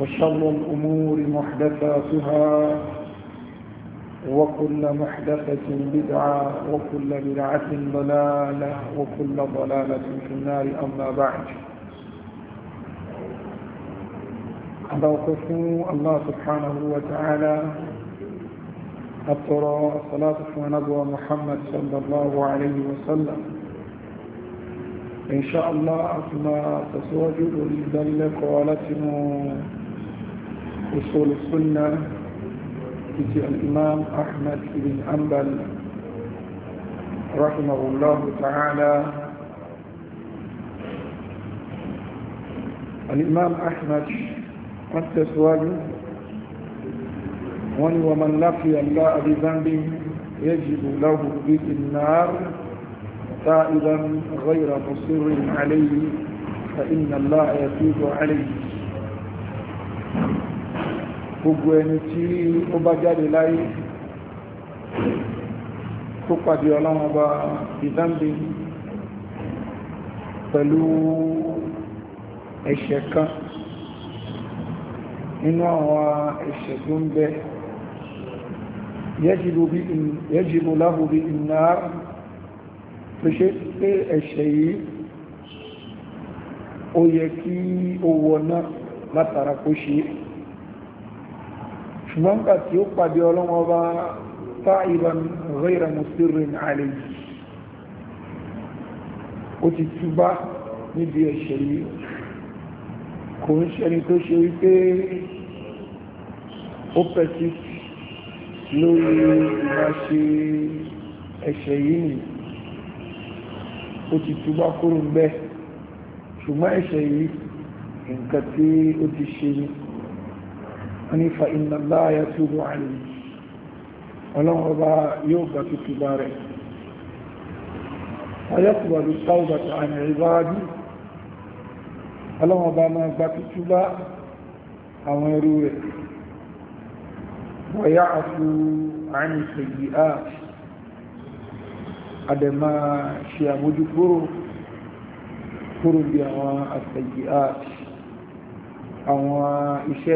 وشر الأمور محدثاتها وكل محدثة بدعة وكل بدعة ضلالة وكل ضلالة في النار أما بعد وقفوا الله سبحانه وتعالى الطراء صلاة ونبوة محمد صلى الله عليه وسلم إن شاء الله أثناء تسواجد لذلك ولتنو أصول السنة في الإمام أحمد بن أنبل رحمه الله تعالى الإمام أحمد قد التسوال ومن لقي الله بذنب يجب له به النار تائبا غير مصر عليه فإن الله يتوب عليه gbogbo ẹni tí ó bá jáde láyé tó pàdé ọlọ́run ọba ìdáǹdè pẹ̀lú ẹ̀ṣẹ̀ kan nínú àwọn ẹ̀ṣẹ̀ tó ń bẹ yẹ́jìbò láhùrí iná tó ṣe pé ẹ̀ṣẹ̀ yìí ó yẹ kí ó wọ látara kó ṣe é ṣùgbọ́n nígbà tí ó pàdé ọlọ́wọ́ bá táìbàn rẹ́ra musirin àlejì ó ti túbá níbi ẹ̀ṣẹ̀ yìí kò ń ṣẹni tó ṣe wípé ó pẹ̀tí lórí ìmáṣe ẹ̀ṣẹ̀ yìí nìí ó ti túbá kúrò bẹ́ ṣùgbọ́n ẹ̀ṣẹ̀ yìí nǹkan tí ó ti ṣe ni wọ́n ní fa inna Allaha yatubu alayhi ọlọ́run ọba yóò gbà tuntun bá rẹ̀ ayọ́kùnrin tawbata an ibadi ọlọ́run ọba máa gbà tuntun bá àwọn ẹrú rẹ̀ wa ya'fu an àwọn iṣẹ́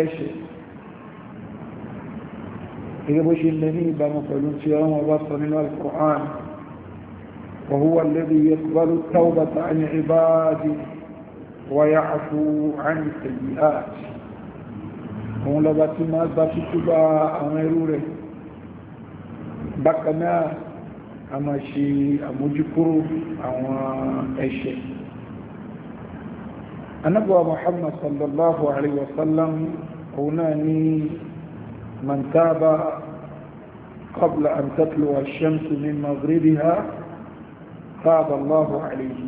ẹ̀ṣẹ̀ gẹ́gẹ́ bó ṣe lè ní ìbámu pẹ̀lú tí ọmọ ọba sọ nínú al-Qur'an وهو الذي يقبل التوبة عن عباده ويعفو عن السيئات òun lọba tí máa gba títú bá àwọn ẹrú rẹ̀ bákan náà a máa ṣe àmójúkúrò àwọn ẹ̀ṣẹ̀ anábọ̀wà Muhammad sallallahu alaihi wasallam òun náà ní من تاب قبل أن تطلع الشمس من مغربها تاب الله عليه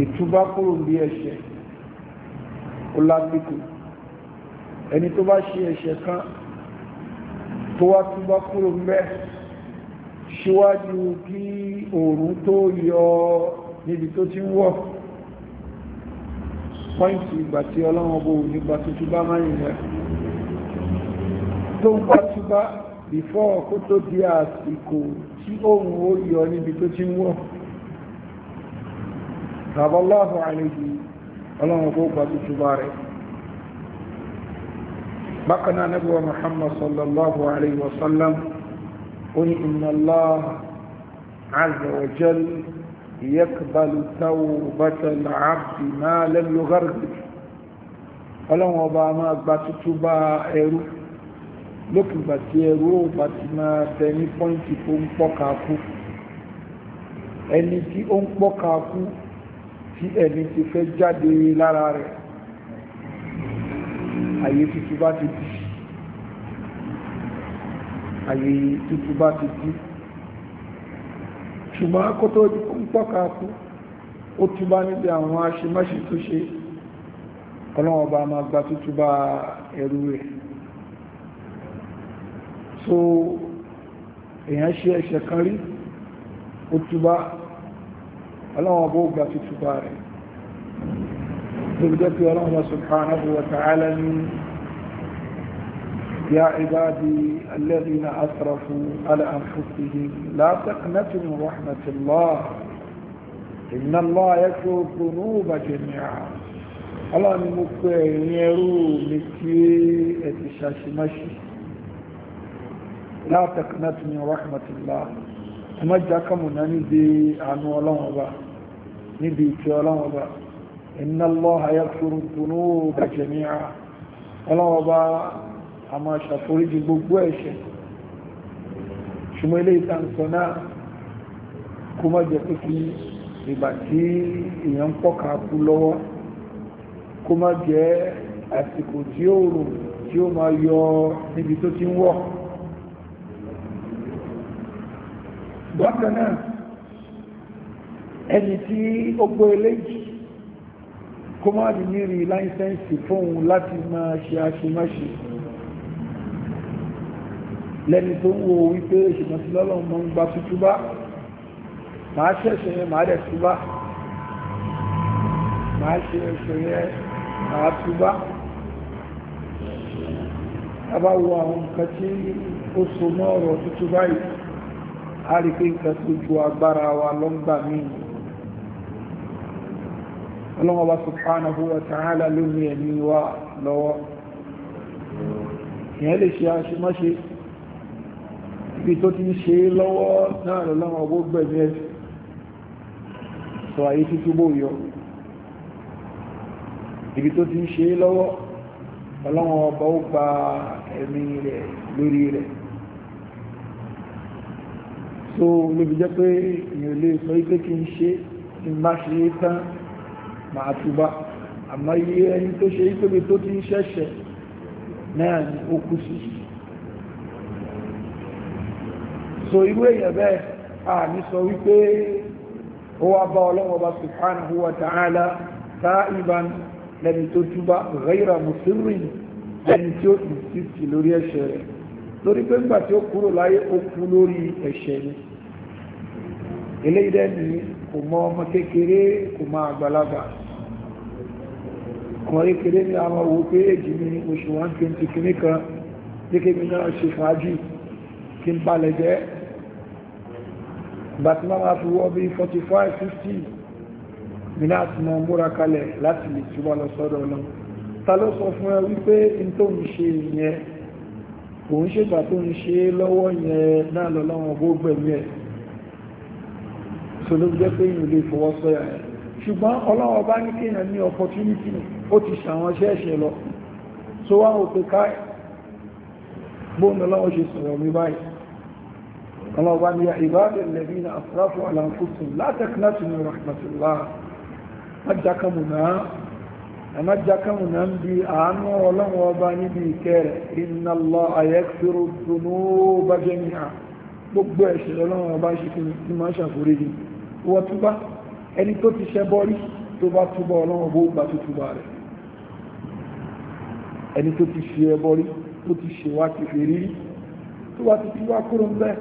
ìtúbá kúrò bí ẹ̀ṣẹ̀ ó lápìkù ẹni tó bá ṣe ẹ̀ṣẹ̀ kan tó wá túbá kúrò mẹ́ ṣíwájú kí oòrùn tó yọ níbi tó ti ń wọ̀ pọ́ìntì ìgbà tí ọlọ́wọ́ bó nígbà tó túbá máa yìí rẹ̀ tó ń bá túbá bìfọ́ kó tó di àsìkò tí òun ó yọ níbi tó ti ń wọ̀ tàbálàhù àlejò ọlọ́run kó gbà túbá rẹ̀ bákanáà nẹ́bùwà muhammad sallallahu alayhi wa sallam ọlọ́run ọba máa gbà túbá ẹrú lókùgbà tí ẹrú ó bá ti máa tẹ ní pọ́ǹtì tó ń pọ́ka kú ẹni tí ó ń pọ́ka kú tí ẹni ti fẹ́ jáde lára rẹ̀ àyè tuntun bá ti dì àyè tuntun bá ti dì ṣùgbọ́n akótó ń pọ́ka kú ó túbá níbi àwọn aṣemáṣe tó ṣe ọlọ́wọ́ bá máa gba tútúbá ẹrú rẹ̀ so èyàn ṣe ẹ̀ṣẹ̀ kan rí ó túbá ọlọ́wọ́ bó gbà ti túbá rẹ̀ lóbi jẹ́ pé ọlọ́wọ́ subhanahu wa ta'ala ní يا عبادي الذين أسرفوا على أنفسهم لا تقنطوا من رحمة الله إن الله يغفر الذنوب جميعا الله ni mo pè ẹ̀yin ẹrú mi tí ẹ ti ṣàṣemáṣe la taqnatu min rahmatillah ọmọ jákàmù náà níbi àánú ọlọ́run ọba níbi ìtì ọlọ́run ọba inna Allaha yaghfiru dhunuba jami'a ọlọ́run ọba a máa ṣàforíjì gbogbo ẹ̀ṣẹ̀ ṣùgbọ́n ilé ìtànsọ náà kó má jẹ́ pé kí ìgbà tí èèyàn ń pọ̀ka lọ́wọ́ kó má jẹ́ àsìkò tí ó rùn tí ó máa yọ níbi tó ti ń wọ̀ bákan náà ẹni tí ó gbọ́ eléyìí kó má rí ní rí láìsẹ́ǹsì fóun láti máa ṣe aṣemáṣe lẹ́ni tó ń wo wípé ìṣìnàtí lọ́lọ́run mọ́ ń gba tútú bá máa ṣẹ̀ṣẹ̀ yẹn máa dẹ̀ tú bá máa ṣe ẹ̀ṣẹ̀ yẹn máa tú bá a bá wo àwọn nǹkan tí ó so mọ́ ọ̀rọ̀ tútú báyìí a rí pé nǹkan tó ju agbára wa lọ́ngbà míì ọlọ́wọ́ wa subhanahu wa ta'ala ló ní ẹ̀mí wa lọ́wọ́ ìyẹn lè ṣe aṣemáṣe ibi tó ti ń ṣe lọ́wọ́ náà lọ́wọ́ ọgbó ẹ̀ tó olóbi jẹ́ pé èèyàn lè sọ wípé kí n ṣe kí n bá ṣe é tán màá túbá àmọ́ iye ẹni tó ṣe wípé tó ti ń ṣẹ̀ṣẹ̀ náà ni ó kú sí so irú èèyàn bẹ́ẹ̀ a ní sọ wípé ó wá bá ọlọ́wọ́ bá subhanahu wa ta'ala ta'iban lẹ́ni tó túbá ghayra musirrin lẹ́ni tí ó insist lórí ẹ̀ṣẹ̀ rẹ̀ lórí pé ńgbà tí ó kúrò láyé ó kú lórí ẹ̀ṣẹ̀ ni eléyìí dẹ́ ni kò mọ ọmọ kékeré kò mọ àgbàlagbà ọmọ kékeré ni àwọn owó pé èjì mi oṣù 120 kìíní kan dékè mi náà ṣe fàájì kí n balẹ̀ jẹ́ ìgbà tí máa fi wọ́ bí 45 50 mi náà mọ múra kalẹ̀ láti lè túbọ̀ lọ sọ́dọ̀ ọlọ́run ta ló sọ fún ẹ wípé n tó ń ṣe ìyẹn kò ń ṣègbà tó ń ṣe lọ́wọ́ yẹn náà lọ́lọ́wọ́ bó gbẹ̀mí ẹ̀ tó ló jẹ́ pé ìlú ìfọwọ́ sọ́yà ẹ̀ ṣùgbọ́n ọlọ́wọ́ bá ní kéèyàn ní opportunity ó ti ṣàwọn ṣẹ́ẹ̀ṣẹ́ lọ tó wá ò pé káì bóun lọ́wọ́ ṣe sọ̀rọ̀ mi báyìí ọlọ́wọ́ bá ní ẹ̀má jákàmù náà ń bi àánú ọlọ́run ọba níbi ìkẹ́ rẹ̀ inna Allaha yaghfiru dhunuba jami'a gbogbo ẹ̀ṣẹ̀ lọ́lọ́run ọba ṣe kí ni máa ṣàforíjì wọ́n túbá ẹni tó ti ṣẹ́ bọ́rí tó bá túbọ̀ ọlọ́run ọba ó gbà tó túbà rẹ̀ ẹni tó ti ṣe ẹbọrí tó ti ṣe wá ti fèrí tó bá ti fi wá kúrò ń bẹ́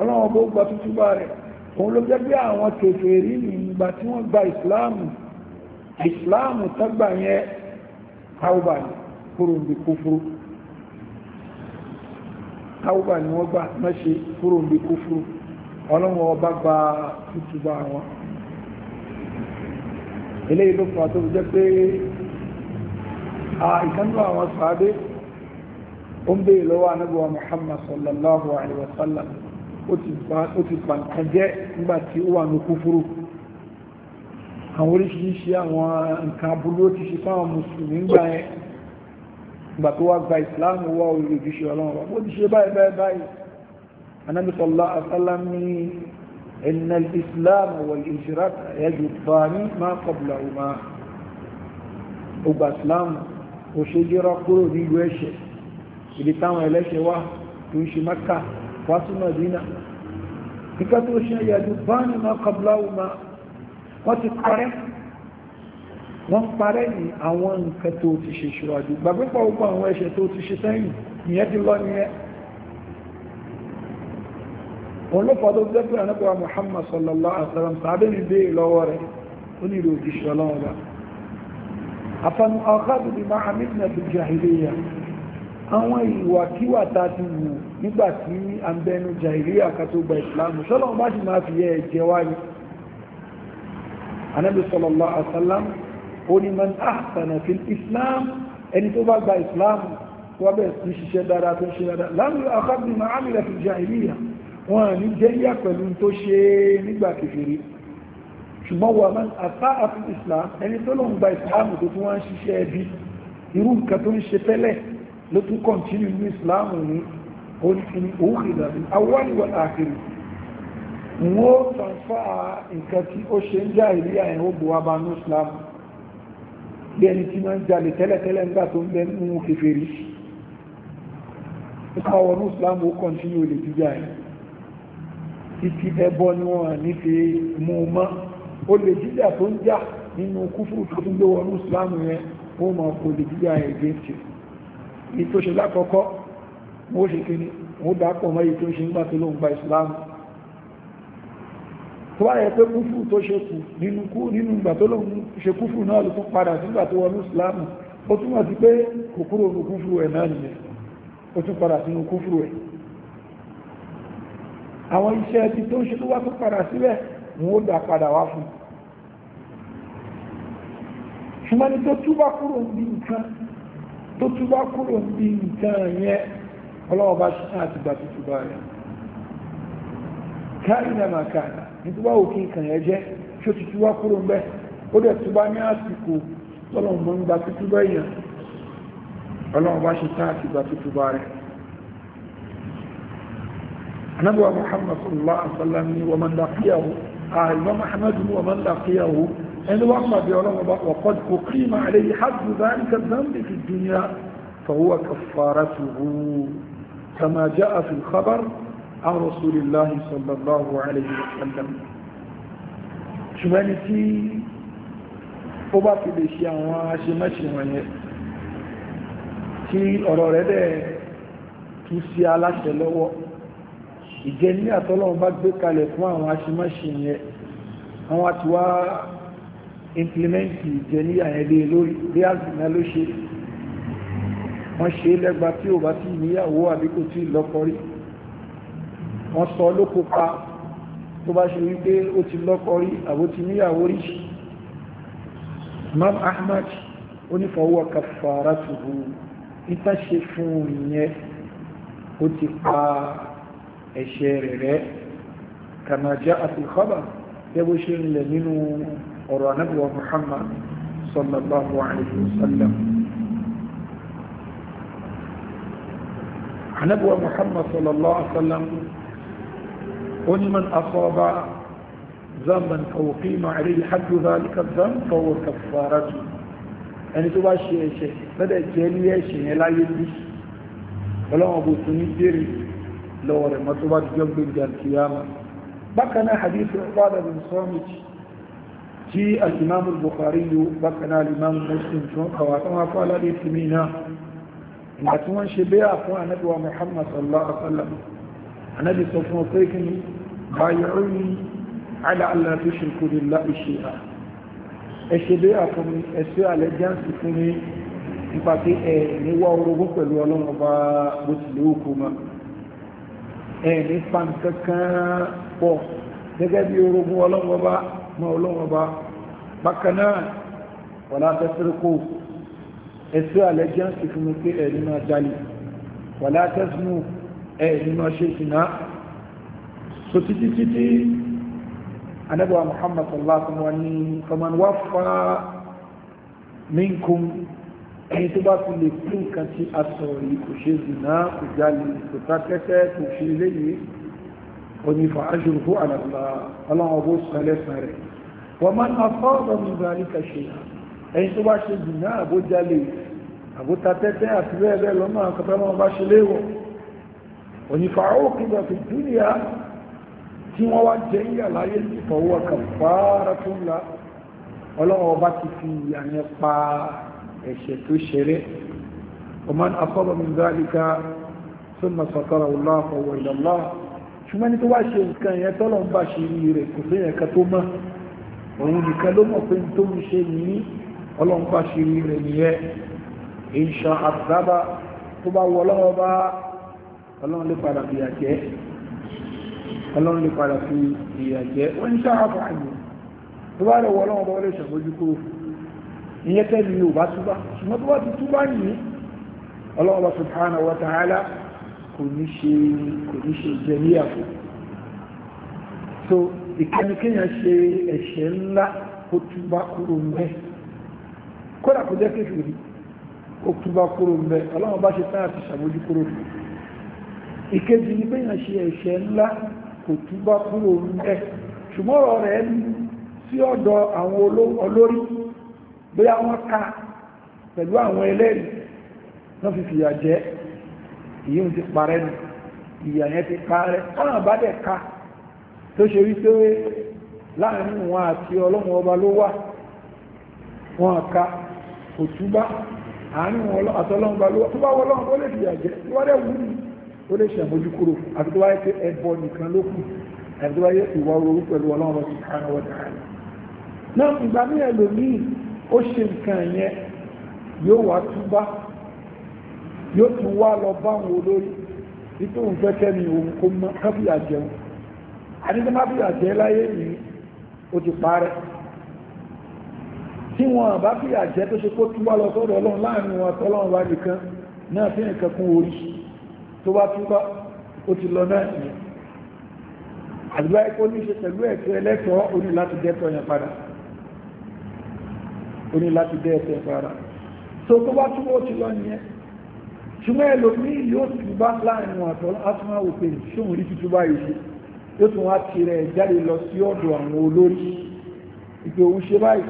ọlọ́run ọba tó túbà rẹ̀ òun ló jẹ́ bí àwọn kèfèrí nìgbà tí wọ́n gba ìsìláàmù islamu tagbanye yẹn tàúbà ní kúrò ní kúfúrú tàúbà wọ́n mẹ́ṣe ọba gba tútùbà wọn eléyìí ló fà tó jẹ́ pé àwọn sàádé ó ń lọ́wọ́ ó ti jẹ́ nígbà tí àwọn oríṣiríṣi àwọn nǹkan aburú ó ti ṣe fáwọn mùsùlùmí ń gbà yẹn ìgbà tó wá gba ìsìláàmù wá olùdíṣẹ́ ọlọ́run wá bó ti ṣe báyìí báyìí báyìí anábì sallallahu alaihi wasallam ní inna al-islam wal-hijrat yajubani ma qablahuma ó gba ìsìláàmù ó ṣe jẹ́ra kúrò nílùú ẹ̀ṣẹ̀ ìdí táwọn ẹlẹ́ṣẹ̀ wá tó ń ṣe Mẹ́kà wá sí Mẹ́dínà nígbà tó ṣe yajubani ma qablahuma wọ́n ti parẹ́ wọ́n parẹ́ ní àwọn nǹkan tó ti ṣe ṣíwájú gbàgbẹ́pọ̀ ogun àwọn ẹ̀ṣẹ̀ tó ti ṣe sẹ́yìn ìyẹn ti lọ nìyẹn òun ló fọdọ́ jẹ́pẹ́ ànábọ̀ Muhammad sallallahu alaihi wasallam sàbẹ́ ní dé lọ́wọ́ rẹ̀ ó nílò òjíṣẹ́ ọlọ́run rẹ̀ àfẹnu ọ̀kadù bí máa amínà bí jahiliya àwọn ìwàkíwà tá a ti wù nígbà tí à ń bẹnu jahiliya ká tó gba ìsìlámù sọ́lọ́run bá sì máa fi yẹ ẹ̀jẹ̀ wáyé anábì sallallahu alaihi wasallam ó ní man ahsana fil islam ẹni tó bá gba islam tó bẹ̀ ní ṣiṣẹ́ dára tó ṣe dára láàrín àkábì ma ámìlà fi jahiliya wọn ní jẹ́yà pẹ̀lú tó ṣe nígbà kìfìrí ṣùgbọ́n wà man asaa fi islam ẹni tó lọ ń gba islam tó tún wọ́n ṣiṣẹ́ ẹbí irú nǹkan tó ń ṣe tẹ́lẹ̀ ló tún kọ̀ntínú ní islam ní òun ìlànà àwọn ìwọ̀n wọ́n tàǹfà nǹkan tí ó ṣe ń já ìrí àyìn ó bò wá bá ní islam bí ẹni tí máa ń jalè tẹ́lẹ̀tẹ́lẹ̀ nígbà tó ń bẹ nínú kèfèrí nípa wọn ní islam ó kọ́ntínú olè jíjà ẹ̀ títí ẹbọ ni wọ́n ní fi mú mọ́ olè jíjà tó ń jà nínú kúfù tó tún gbé wọn ní islam yẹn ó máa kó olè jíjà ẹ̀ gẹ́ǹtì ní tó wáyé pé kúfù tó ṣe kù nínú kú nínú ìgbà tó lóun ṣe kúfù náà ló tún padà nígbà tó wọnú ìsìláàmù ó túnmọ̀ sí pé kòkúrò ní kúfù ẹ̀ náà nìyẹn ó tún padà sínú kúfù ẹ̀ àwọn iṣẹ́ ti tó ń ṣe tó wá tún padà síbẹ̀ wọn ó dà padà wá fún ṣùgbọ́n ni tó túbá kúrò ń bí nǹkan tó túbá kúrò ń bí nǹkan yẹn ọlọ́wọ́ bá ṣe náà ti gbà tó túbá rẹ̀ káyìnà nítorí wáwò kí nǹkan yẹn jẹ́ tí ó ti túbá kúrò ń bẹ́ ó dẹ̀ túbá ní àsìkò tọ́lọ̀mù mọ́ ń gba tútú bẹ́ yẹn ọlọ́run bá ṣe tá àti gba tútú bá rẹ̀ anábíwá muhammad sallallahu alaihi wasallam ni wọ́n máa ń dàkíyàwó àìmọ́ muhammad عن رسول الله صلى الله عليه وسلم ṣùgbọ́n ni tí ó bá fi lè ṣe àwọn aṣemẹ́ṣe wọ̀nyẹn tí ọ̀rọ̀ rẹ̀ dẹ̀ tún sí aláṣẹ lọ́wọ́ ìjẹ́ ní àtọ́lọ́wọ́ bá gbé kalẹ̀ fún àwọn aṣemẹ́ṣe yẹn àwọn àti wá implementi ìjẹ́ ní àyẹ̀lẹ́ lórí bí àzìnà ló ṣe wọ́n ṣe lẹ́gba tí ò bá tí ìníyàwó àbíkò tí lọ́kọ rí wọ́n sọ lóko pa tó bá ṣe wípé ó ti lọ́kọ rí àbó ti níyàwó rí Imam Ahmad onífọwọ́ kafaratuhu ìtàṣe fún ìyẹn ó ti pa ẹ̀ṣẹ̀ rẹ̀ rẹ̀ kama ja'at al-khabar yẹ́bó ṣe ń lẹ̀ nínú ọ̀rọ̀ anábìwọ̀ Muhammad sallallahu alayhi wa sallam Muhammad sallallahu alayhi wa ولمن أصاب ذنبا أو قيم عليه حد ذلك الذنب فهو كفارته ẹni tó bá ṣe ẹ̀ṣẹ̀ lọ́dẹ̀ jẹ́ ní ẹ̀ṣẹ̀ yẹn láyé bí ọlọ́wọ́n bó tún ní bèèrè lọ́wọ́ rẹ̀ mọ́tò bá jọ gbé jàǹkìyàmá bákan náà hadith ọ̀páàdà bin sọ́mìt tí alìmáàmù Bukhari yóò bákan náà alìmáàmù Muslim tí wọ́n kàwà tán wá fún aládé tìmí náà ìgbà tí wọ́n ṣe bẹ́ẹ̀ fún anábíwá Muhammad sallallahu alaihi wa sallam anábì sọ fún ọ pé kí ni báyọ̀ ní aláàlá tó ṣe kò lè lá ìṣe à ẹ ṣe bí àfọmí ẹ̀ṣẹ́ alẹ́ jáǹsì fún mi nípa pé ẹ níwá orogún pẹ̀lú ọlọ́run ọba bó ti lè òkú ma ẹ ní fan kankan pọ̀ gẹ́gẹ́ bí orogún ọlọ́run ọba mọ ọlọ́run ọba bákan kó ẹ̀ṣẹ́ alẹ́ jáǹsì fún mi pé ẹ ní máa jalè wọ́n ẹ̀yìn máa ṣe ìsìná so títí títí anábíwá muhammad sallallahu alaihi wa sallam wá fa minkum ẹni tó bá fi lè fún nǹkan tí a sọ̀rọ̀ yìí kò ṣe zìnà kò jalè kò ta tẹ́tẹ́ kò ṣe léyìí onífà ajruhu ala Allah ọlọ́run ọgbó sọ lẹ́sàn rẹ̀ wọ́n máa ń afọ́ onífàáwòkìdà fi dúnìyà tí wọ́n wá jẹ́ ìyà láyé ìfọwọ́ kàfàárà tó ńlá ọlọ́wọ́ bá ti fi ìyà yẹn pa ẹ̀ṣẹ̀ tó ṣeré ọmọ asọ́bọ̀ mi dáríka tó nà sọ̀tọ̀rọ̀ ọlọ́fọwọ́ ìlọ́lá ṣùgbọ́n ní tó wá ṣe nǹkan yẹn tọ́lọ̀ ń bá ṣe rí rẹ̀ kò sí ẹ̀ka tó mọ́ òun nìkan ló mọ̀ pé tó ń ṣe ní ọlọ́run bá ṣe rí rẹ̀ nìyẹn ìṣàn àdábà tó bá wọ ọlọ́wọ́ bá ọlọ́run lè padà fi ìyàjẹ́ ọlọ́run lè padà fi ìyàjẹ́ wọ́n ń sáàbà àyè tó bá rẹ̀ wọ ọlọ́run bọ́ lè ṣàmójú kó ìyẹn tẹ́lẹ̀ yóò bá túbá ṣùgbọ́n tó bá ti túbá yìí ọlọ́run bá subhanahu wa ta'ala kò ní ṣe kò ní ṣe jẹ ní àpò so ìkẹ́nikẹ́yàn ṣe ẹ̀ṣẹ̀ ńlá ó túbá kúrò ń kódà kò jẹ́ kéfìrí ó túbá kúrò ń ọlọ́run bá ṣe tán àti ṣàmójú kúrò fún ìkejì ní pé nla kotuba ẹ̀ṣẹ̀ ńlá kò túbá kúrò ẹ̀ ṣùgbọ́rọ̀ rẹ̀ sí ọ̀dọ̀ àwọn olórí bóyá wọ́n ká pẹ̀lú àwọn ẹlẹ́rìí wọ́n fi fìyà ti parẹ́ nù ìyà yẹn ti parẹ́ ọ̀nà bá dẹ̀ ká tó ṣe wípé láàrin wọn àti ọlọ́run ọba ló wà wọn ká kò túbá àárín wọn àtọlọ́run ó lè ṣàmójú kúrò àti tó wáyé pé ẹbọ nìkan ló kù àti tó ìwà ooru pẹ̀lú ọlọ́run subhanahu wa ta'ala náà ìgbà ní ẹlòmíì ó ṣe nǹkan yẹn yóò wá túbá yóò tún wá lọ bá àwọn olórí ipò òun fẹ́ kẹ́mi òun kó mọ kábíyà jẹun àdídá mábíyà jẹ láyé ní ó ti parẹ́ tí wọn bá jẹ tó ṣe kó túbá lọ sọ́dọ̀ ọlọ́run láàrin wọn àtọ́lọ́run wá nìkan náà fi tó bá túbá ó ti lọ náà nìyẹn àdúrà ẹ̀kọ́ ní ṣe pẹ̀lú ẹ̀tọ́ ẹlẹ́tọ́ ó ní láti dẹ́tọ́ yẹn padà ó ní láti dẹ́tọ́ yẹn padà tó tó bá túbá ó ti lọ nìyẹn ṣùgbọ́n ẹlòmíì yóò túbá láàrin wọn àtọ́ látúmọ̀ wò pé ṣóun rí túbá yìí ṣe yóò tún wá tirẹ̀ jáde lọ sí ọ̀dọ̀ àwọn olórí ìpè òun ṣe báyìí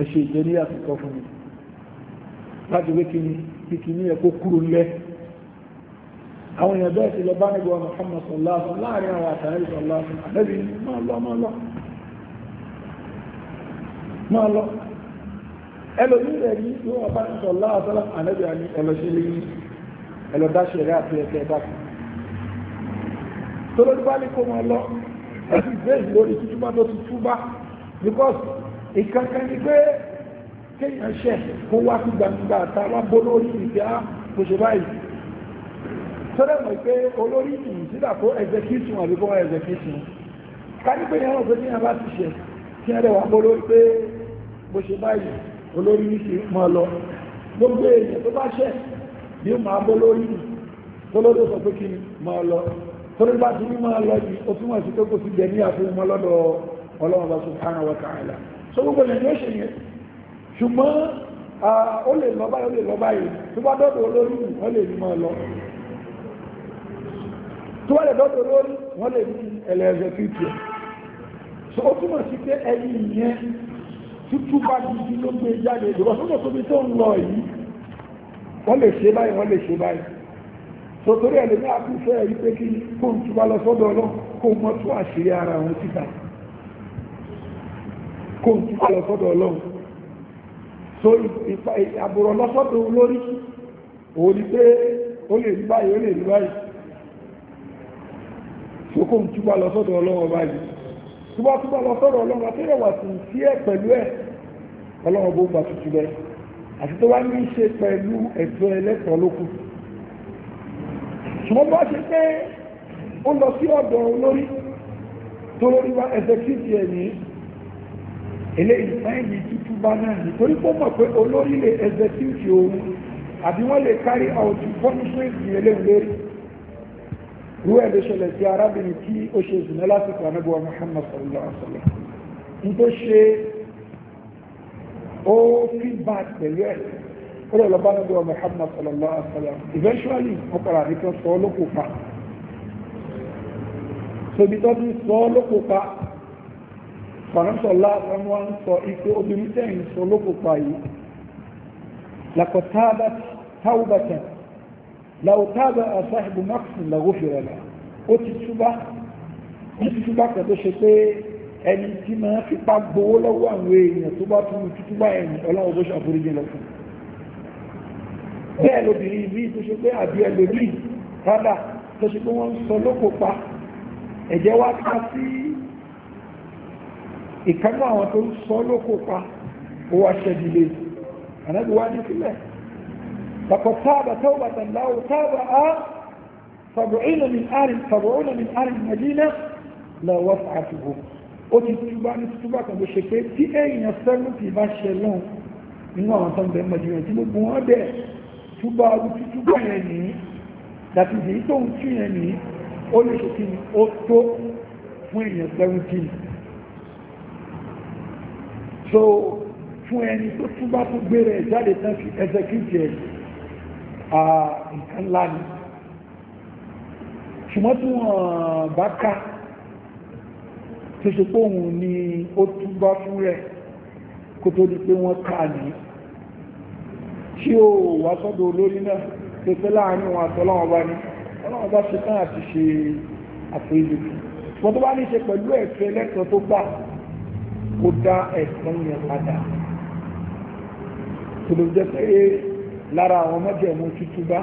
ẹ̀ṣẹ̀ ìjẹ́ ní àtúntọ́ fún mi láti wé kíní kíní ẹ̀kọ́ kúrò lẹ́ẹ̀ àwọn èèyàn bẹ́ẹ̀ ti lọ bá nígbà Muhammad sallallahu láàrin àwọn àtàrí sallallahu àdẹ́bí máa lọ máa lọ máa lọ ẹlòmí rẹ̀ ní tí wọ́n bá ní sallallahu àtàrí àdẹ́bí àní ẹlọ́ṣẹ́lẹ́ yìí ẹlọ́dáṣẹ̀rẹ́ àti ẹ̀kẹ́ bá kù tó lórí bá because ìkankan ni pé kéèyàn ṣẹ̀ kó wá sí gbangba àtàwọn bó lórí sọ́dọ̀ mọ̀ pé olórí ìyìn sídà kó execution àbí kó wọ́n execution kárí pé yẹn ọ̀pẹ́ ní abá ti ṣẹ̀ kí ẹ̀rẹ́ wà pọ̀ lórí pé bó ṣe báyìí olórí ní sí mọ́ lọ gbogbo èèyàn tó bá ṣẹ̀ ní ó máa bó lórí nì tólódó sọ pé kí ni mọ́ lọ torí bá ti ní mọ́ lọ yìí ó túmọ̀ sí pé kò sí jẹ ní àfihàn mọ́ lọ́dọ̀ ọlọ́run tó wà lè dọ́dọ̀ lórí wọ́n lè ní ẹlẹ́ẹ̀zẹ̀ fífì ẹ̀ so ó túnmọ̀ sí pé ẹni ìyẹn tútù bá gidi ló gbé jáde ìdúró tó tóbi tó ń lọ yìí wọ́n lè ṣe báyìí wọ́n lè ṣe báyìí so torí ẹ̀ lè ní àkúfẹ́ rí pé kí kó ń túbá lọ sọ́dọ̀ ọlọ́ kó mọ́ tó àṣírí ara wọn síta kó ń túbá lọ sọ́dọ̀ ọlọ́run so àbùrọ̀ lọ́sọ́dọ̀ olórí òun pé ó lè rí báyìí ó lè rí báyìí ṣokó ń túbà lọ sọ́dọ̀ ọlọ́wọ́ báyìí túbà túbà lọ sọ́dọ̀ ọlọ́wọ́ àtẹ́rẹ̀ wà sí sí ẹ̀ pẹ̀lú ẹ̀ ọlọ́wọ́ bó gbà tutù rẹ̀ àti tó wá ní í ṣe pẹ̀lú ẹ̀tọ́ ẹlẹ́tọ̀ọ́ lókù ṣùgbọ́n bá ṣe pé ó lọ sí ọ̀dọ̀ olórí tó lórí wa ẹ̀sẹ̀kìtì ẹ̀ ní eléyìí sáyẹ̀nì tútù bá náà nítorí pé ó mọ̀ pé olórí lè ẹ̀sẹ̀kìtì òun àbí wọ́n lè carry out punishment ní eléyìí irú ẹ̀ ló ṣẹlẹ̀ sí arábìnrin tí ó ṣe zìnà lásìkò anábíwá Muhammad sallallahu alaihi wa sallam ní tó ṣe ó fi bá pẹ̀lú ẹ̀ ó lè bá anábíwá Muhammad sallallahu alaihi wa eventually wọ́n padà ní kan sọ lóko pa sobi tó ti sọ lóko pa fàránṣọ́lá wọn wá ń sọ ipò obìnrin tẹ́yìn sọ lóko pa yìí làkọ̀tá táwùbàtàn لو تابع صاحب مقصد لغفر له ó ti túbá ó ti túbá kan tó ṣe pé ẹni tí máa fi pa gbowó lọ́wọ́ àwọn èèyàn tó bá tún tútú bá ẹ̀yìn ọlọ́run bó ṣàforíjì lọ fún bẹ́ẹ̀ lóbìnrin míì tó ṣe pé àbí ẹlòmíì rádà tó ṣe pé wọ́n ń sọ lóko pa ẹ̀jẹ̀ wá ká sí ìkánú àwọn tó ń sọ lóko pa ó wá ṣẹ́dílé ànágbé wá ní sílẹ̀ لقد تاب توبة له تاب سبعين من آل سبعون من آل المدينة لا وسعتهم ó ti túbá ní túbá kan bó ṣe pé tí èèyàn sẹ́lùtì bá ṣe lọ́n nínú àwọn tó ń bẹ mọ̀jìnà tí gbogbo wọn bẹ̀ túbá ọdún tí túbá yẹn ní dàtí ìdí tó ń tú yẹn ní ó lè ṣe kí ni ó tó fún èèyàn sẹ́lùtì so fún ẹni tó túbá tó gbé rẹ̀ jáde tán fi ẹsẹ̀ kìí a ńlá ni ṣùgbọ́n tí wọ́n bá ká tó ṣe pé òun ni ó túbá fún rẹ̀ kó tó di pé wọ́n ká ní tí ó wá sọ́dọ̀ olórí náà tó pé láàrin wọn àtọ́láwọn bá ní ọlọ́wọ́n bá ṣe tán àti ṣe àforíjì wọ́n tó bá ní ṣe pẹ̀lú ẹ̀fẹ́ lẹ́tọ̀ọ́ tó gbà kó dá ẹ̀sán yẹn padà tó lè jẹ́ pé lára àwọn mẹ́jẹ̀mú tútúbá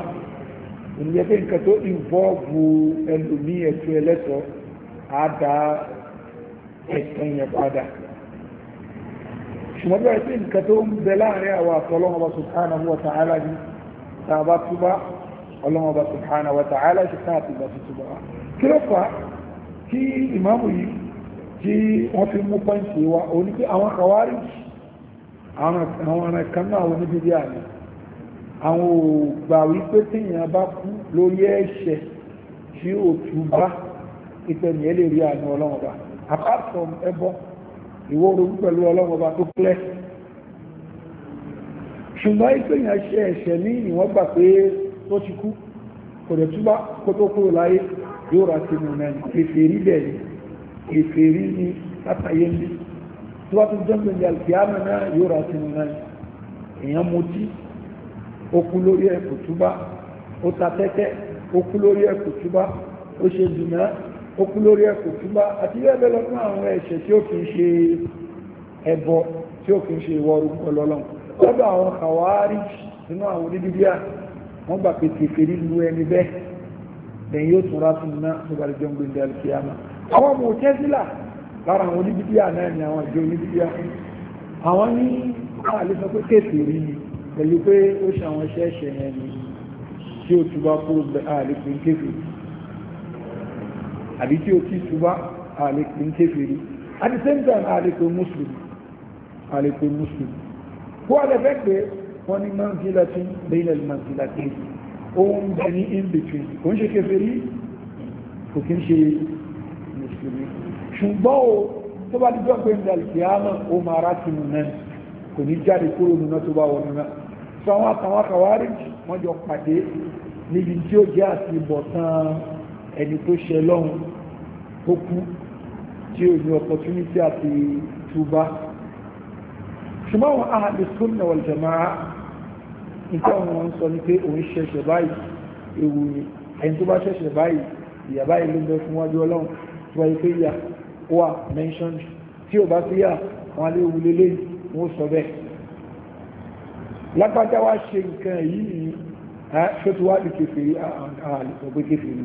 ìyẹn pé nǹkan tó ìvọ́ọ̀bù ẹlòmí ẹ̀tọ́ ẹlẹ́tọ́ á dá ẹ̀tàn yẹn padà ṣùgbọ́n bẹ́ẹ̀ pé nǹkan tó ń bẹ láàrin àwọn àtọ́lọ́wọ́ bá subhanahu wa ta'ala ní tàbá túbá ọlọ́wọ́ bá subhanahu wa ta'ala wa òní pé àwọn kàwárí àwọn kan náà wọn níbi àwọn ò gbà wípé téèyàn bá kú lórí ẹ̀ṣẹ̀ tí ò tú bá ìtẹ̀yìn ẹ̀ lè rí àánú ọlọ́run ọba apart from ẹbọ ìwọ orogún pẹ̀lú ọlọ́run ọba tó pẹ́ ṣùgbọ́n ìpéyàn ṣe ẹ̀ṣẹ̀ ní ìwọ̀n gbà pé ó ti kú kò dẹ̀ túbá kó tó kúrò láyé yóò rà sí mú mẹ́rin kèfèrí bẹ̀ ni kèfèrí ni látàyé ní tó bá tún jẹ́ gbẹ̀yà kìámẹ́ náà mẹ́rin èèyàn ó kú lórí ẹ̀kù túbá ó ta tẹ́tẹ́ ó kú lórí ẹ̀kù túbá ó ṣe dùnà ó kú lórí ẹ̀kù túbá àti bẹ́ẹ̀ bẹ́ẹ̀ lọ fún àwọn ẹ̀ṣẹ̀ tí ó kì í ṣe ẹbọ tí ó kì í ṣe ìwọ orúkọ lọ́lọ́n lọ́dọ̀ àwọn kàwárí nínú àwọn onídìbíà wọ́n gbà pé kèfèrí lu ẹni bẹ́ẹ̀ lẹ́yìn yóò tún rásùn náà tó bá lè jọ ń gbé àwọn ọmọ òtẹ́sílà lára àwọn onídìbíà náà ni àwọn ìjọ onídìbíà àwọn ní àlè sọ pé kèfèrí ni pẹ̀lú pé ó ṣàwọn ṣẹ́ṣẹ̀ yẹn ni tí ó túbá kúrò ààrẹ̀pín kéfèrí àbí tí ó tí túbá ààrẹ̀pín kéfèrí at the same time ààrẹ̀pín muslim ààrẹ̀pín muslim kó àlẹ́fẹ́ pé wọ́n ní manzilatin bayna al-manzilatayn ó ń bẹ ní in between kò ń ṣe kéfèrí kò kí ń ṣe mùsùlùmí ṣùgbọ́n o tó bá dídọ́ pé ń dàlùkì ní jáde kúrò nù tó bá wọnú náà àtàwọn àtàwọn àkàwárí wọ́n jọ pàdé níbi tí ó jẹ́ àti ìbọ̀tán ẹni tó ṣe lọ́hun tó kú tí ó ní opportunity àti túbá ṣùgbọ́n àwọn ahàdì sunna wal jamaa nǹkan wọn ń sọ ní pé òun ṣẹ̀ṣẹ̀ báyìí ewu ni ẹni tó bá ṣẹ̀ṣẹ̀ báyìí ìyà báyìí ló fún wájú ọlọ́run tó wáyé pé ìyà wà mentioned tí ò bá sí yà wọn alẹ́ ewu lélẹ́yìn wọn ó sọ bẹ́ẹ̀ lágbájá wá ṣe nǹkan yìí ṣó ti wá di kèfèrí àlùfọ̀gbé kèfèrí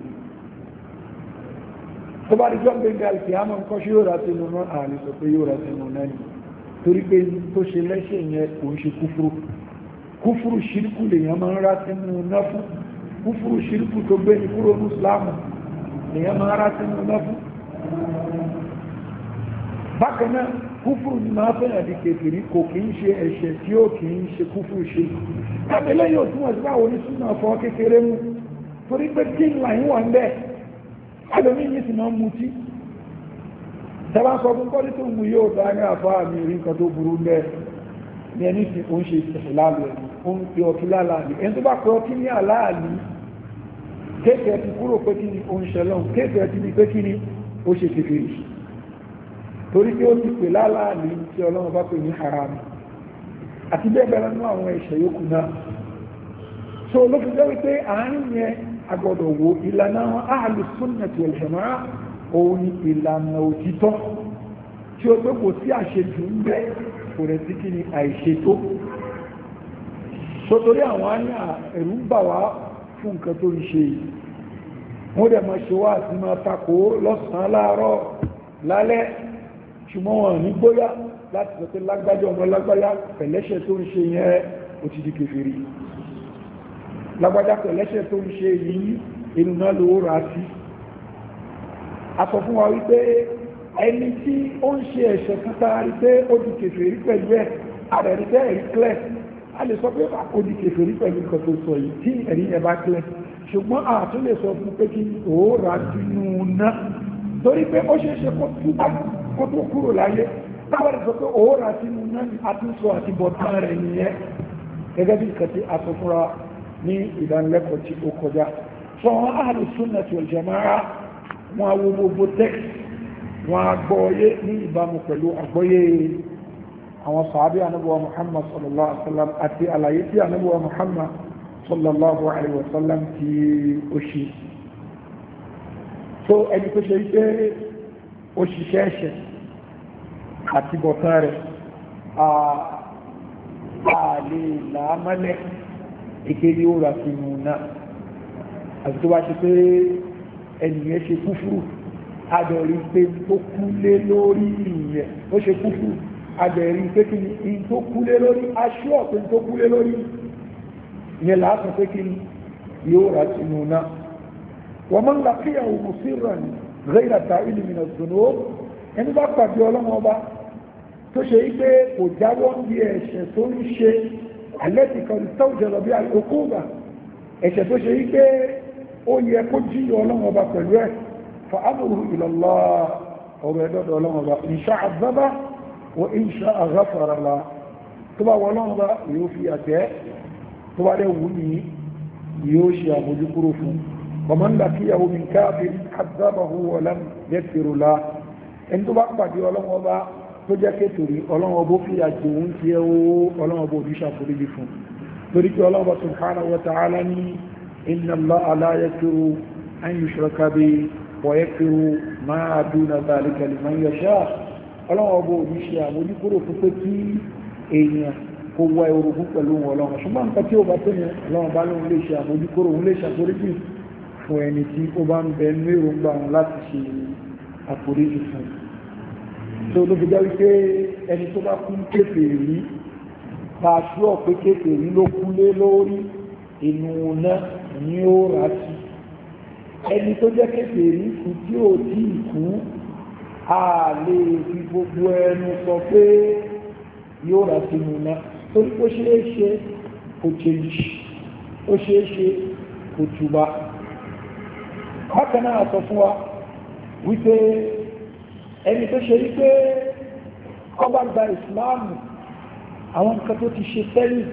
tó bá di jọ́ pé gàlì kì á mọ̀ nǹkan ṣe yóò rà sí inú náà àlùfọ̀gbé yóò rà sí inú náà ni torí pé tó ṣe lẹ́ṣẹ̀ yẹn kò ń ṣe kúfúrú kúfúrú ṣírkù lèèyàn máa ń rà sí náà fún kúfúrú ṣírkù tó gbé ní kúrò ní ìsìláàmù lèèyàn máa ń rà sí náà fún bákan náà kúfùrù ni máa fẹ́yàn di kèfèrí kò kì í ṣe ẹ̀ṣẹ̀ tí ó kì í ṣe kúfùrù ṣe abẹ́lẹ́ yóò túmọ̀ sí báwo ní súnà fọ́ kékeré mú torí pé tí ń làyín wà ń bẹ́ẹ̀ alómi yìí sì máa ń mutí tẹ́lá sọ fún kọ́lí tó mú yóò dá ní àfá mi rí nǹkan tó burú bẹ́ẹ̀ ní ẹni tí ó ń ṣe ìṣẹ̀láàlú ẹ̀ ó ń pe ọtí láàlú ẹni tó bá ní ó ń ṣẹlọ́n kéèkì ẹ torí pé ó ti pè láàlì tí ọlọ́run bá pè ní haram àti bẹ́ẹ̀ bẹ́ẹ̀ lọ́nà àwọn ẹ̀ṣẹ̀ yòókù náà so ló fi jẹ́ wípé àárín yẹn agbọ́dọ̀ wo ìlànà ahlu sunnati wal jamaa òun ni ìlànà òtítọ́ tí ó pé kò sí àṣejù ń bẹ kò rẹ̀ sí kí ni àìṣètò so torí àwọn àyà ẹ̀rù ń bà wá fún nǹkan tó ń ṣe wọ́n dẹ̀ máa ṣe wá àti máa takò lọ́sàn-án láàárọ̀ lálẹ́ ṣùgbọ́n wọn ní gbóyà láti sọ pé lágbájá ọmọ lágbájá pẹ̀lẹ́ṣẹ̀ tó ń ṣe yẹn ó ti di kèfèrí lágbájá pẹ̀lẹ́ṣẹ̀ tó ń ṣe yìí inú náà lówó rà sí a sọ fún wa wípé ẹni tí ó ń ṣe ẹ̀ṣẹ̀ kan tá a rí pé ó di kèfèrí pẹ̀lú ẹ̀ a ẹ̀rí clẹ̀ a lè sọ pé ó di kèfèrí pẹ̀lú nǹkan tó sọ yìí tí ẹ̀rí yẹn bá clẹ̀ ṣùgbọ́n a tún lè sọ fún pé kí òórà sínú náà torí pé ó ṣeé ṣe kó túbọ̀ kó tó kúrò láyé tábàrí sọ pé òwò rà sínú náà ni a ti sọ àti bọ̀tán rẹ̀ nìyẹn gẹ́gẹ́ bí ìkàtí asọ́fúnra ní ìdánilẹ́kọ̀ọ́ tí ó kọjá sọ wọn ahlu sunnah wal jamaa'ah wọn awo gbogbo text wọn agbọ́ọ̀yé ní ìbámu pẹ̀lú àgbọ́yé àwọn sàábí anábọ̀wá muhammad sallallahu alaihi wa sallam àti àlàyé tí anábọ̀wá muhammad sallallahu alaihi wa ti ó ṣe so ẹni tó ṣe pé ó ṣiṣẹ́ ẹ̀ṣẹ̀ àti bọ̀tán rẹ̀ ààlè làámọ́lẹ̀ ìkéde ó rà sí mú náà àti tó bá ṣe pé ẹnìyàn ṣe kúfúrú adẹ̀rí pé tó kúlé lórí ìyẹn ó ṣe kúfúrú adẹ̀rí pé kí ni tó kúlé lórí aṣọ ọ̀pẹ tó kúlé lórí ìyẹn làásùn pé kí ni yóò rà sí náà wọ́n máa ń làkíyàwó mùsíràn ni rẹ́yìn àtà ìlú mìíràn dùnú ẹni bá pàdé ọlọ́wọ́n ọba tó ṣe yí pé kò jáwọ́ bí ẹ̀ṣẹ̀ tó ń ṣe àlẹ́tì kan tó jẹ̀rọ̀ bí àkókò bà ẹ̀ṣẹ̀ tó ṣe yí pé ó yẹ kó jí ọlọ́wọ́n ọba pẹ̀lú ẹ̀ fa amúrù ìlọ́lá ọ̀rọ̀ ẹ̀dọ́dọ̀ ọlọ́wọ́n ọba ìṣá àzábá wọ ìṣá àzáfàràlà tó bá wọ ọlọ́wọ́n ọba yóò fi àtẹ́ tó bá dẹ̀ wù ní yóò ṣe àmójúkúrò fún un ومن لقيه من كافر عذبه ولم يغفر له ẹni tó bá pàdé ọlọ́wọ́ bá tó jẹ́ kétorí ọlọ́wọ́ bó fi àjò ń tí ẹ ó ọlọ́wọ́ bó díṣà foríjì fún torí kí ọlọ́wọ́ subhanahu wa ta'ala ní inna Allaha la yaghfiru an yushraka bihi wa yaghfiru ma duna dhalika liman yasha ọlọ́wọ́ bó díṣà àmójúkúrò fún pé kí èèyàn kó wá orogún pẹ̀lú ọlọ́wọ́ ṣùgbọ́n nǹkan tí ó bá tó ní ọlọ́wọ́ bá lóun lè ṣe àmójúkúrò òun lè ṣàforíjì fún ẹni tí ó bá ń bẹ ní èròǹgbà wọn láti ṣe àforíjì fún tó ló fi jẹ́ wípé ẹni tó bá kún kèfèrí bá a ṣú ọ̀pẹ́ kèfèrí ló kú lé lórí inú náà ní ó rà sí ẹni tó jẹ́ kèfèrí kú tí ò tí ì a lè fi gbogbo ẹnu sọ pé yóò rà sí inú náà torí ó ṣeé ṣe kò change ó ṣeé ṣe kò túbà bákan náà sọ fún wa wípé ẹni tó ṣe wípé ọba gba ìsìláàmù àwọn nǹkan tó ti ṣe sẹ́yìn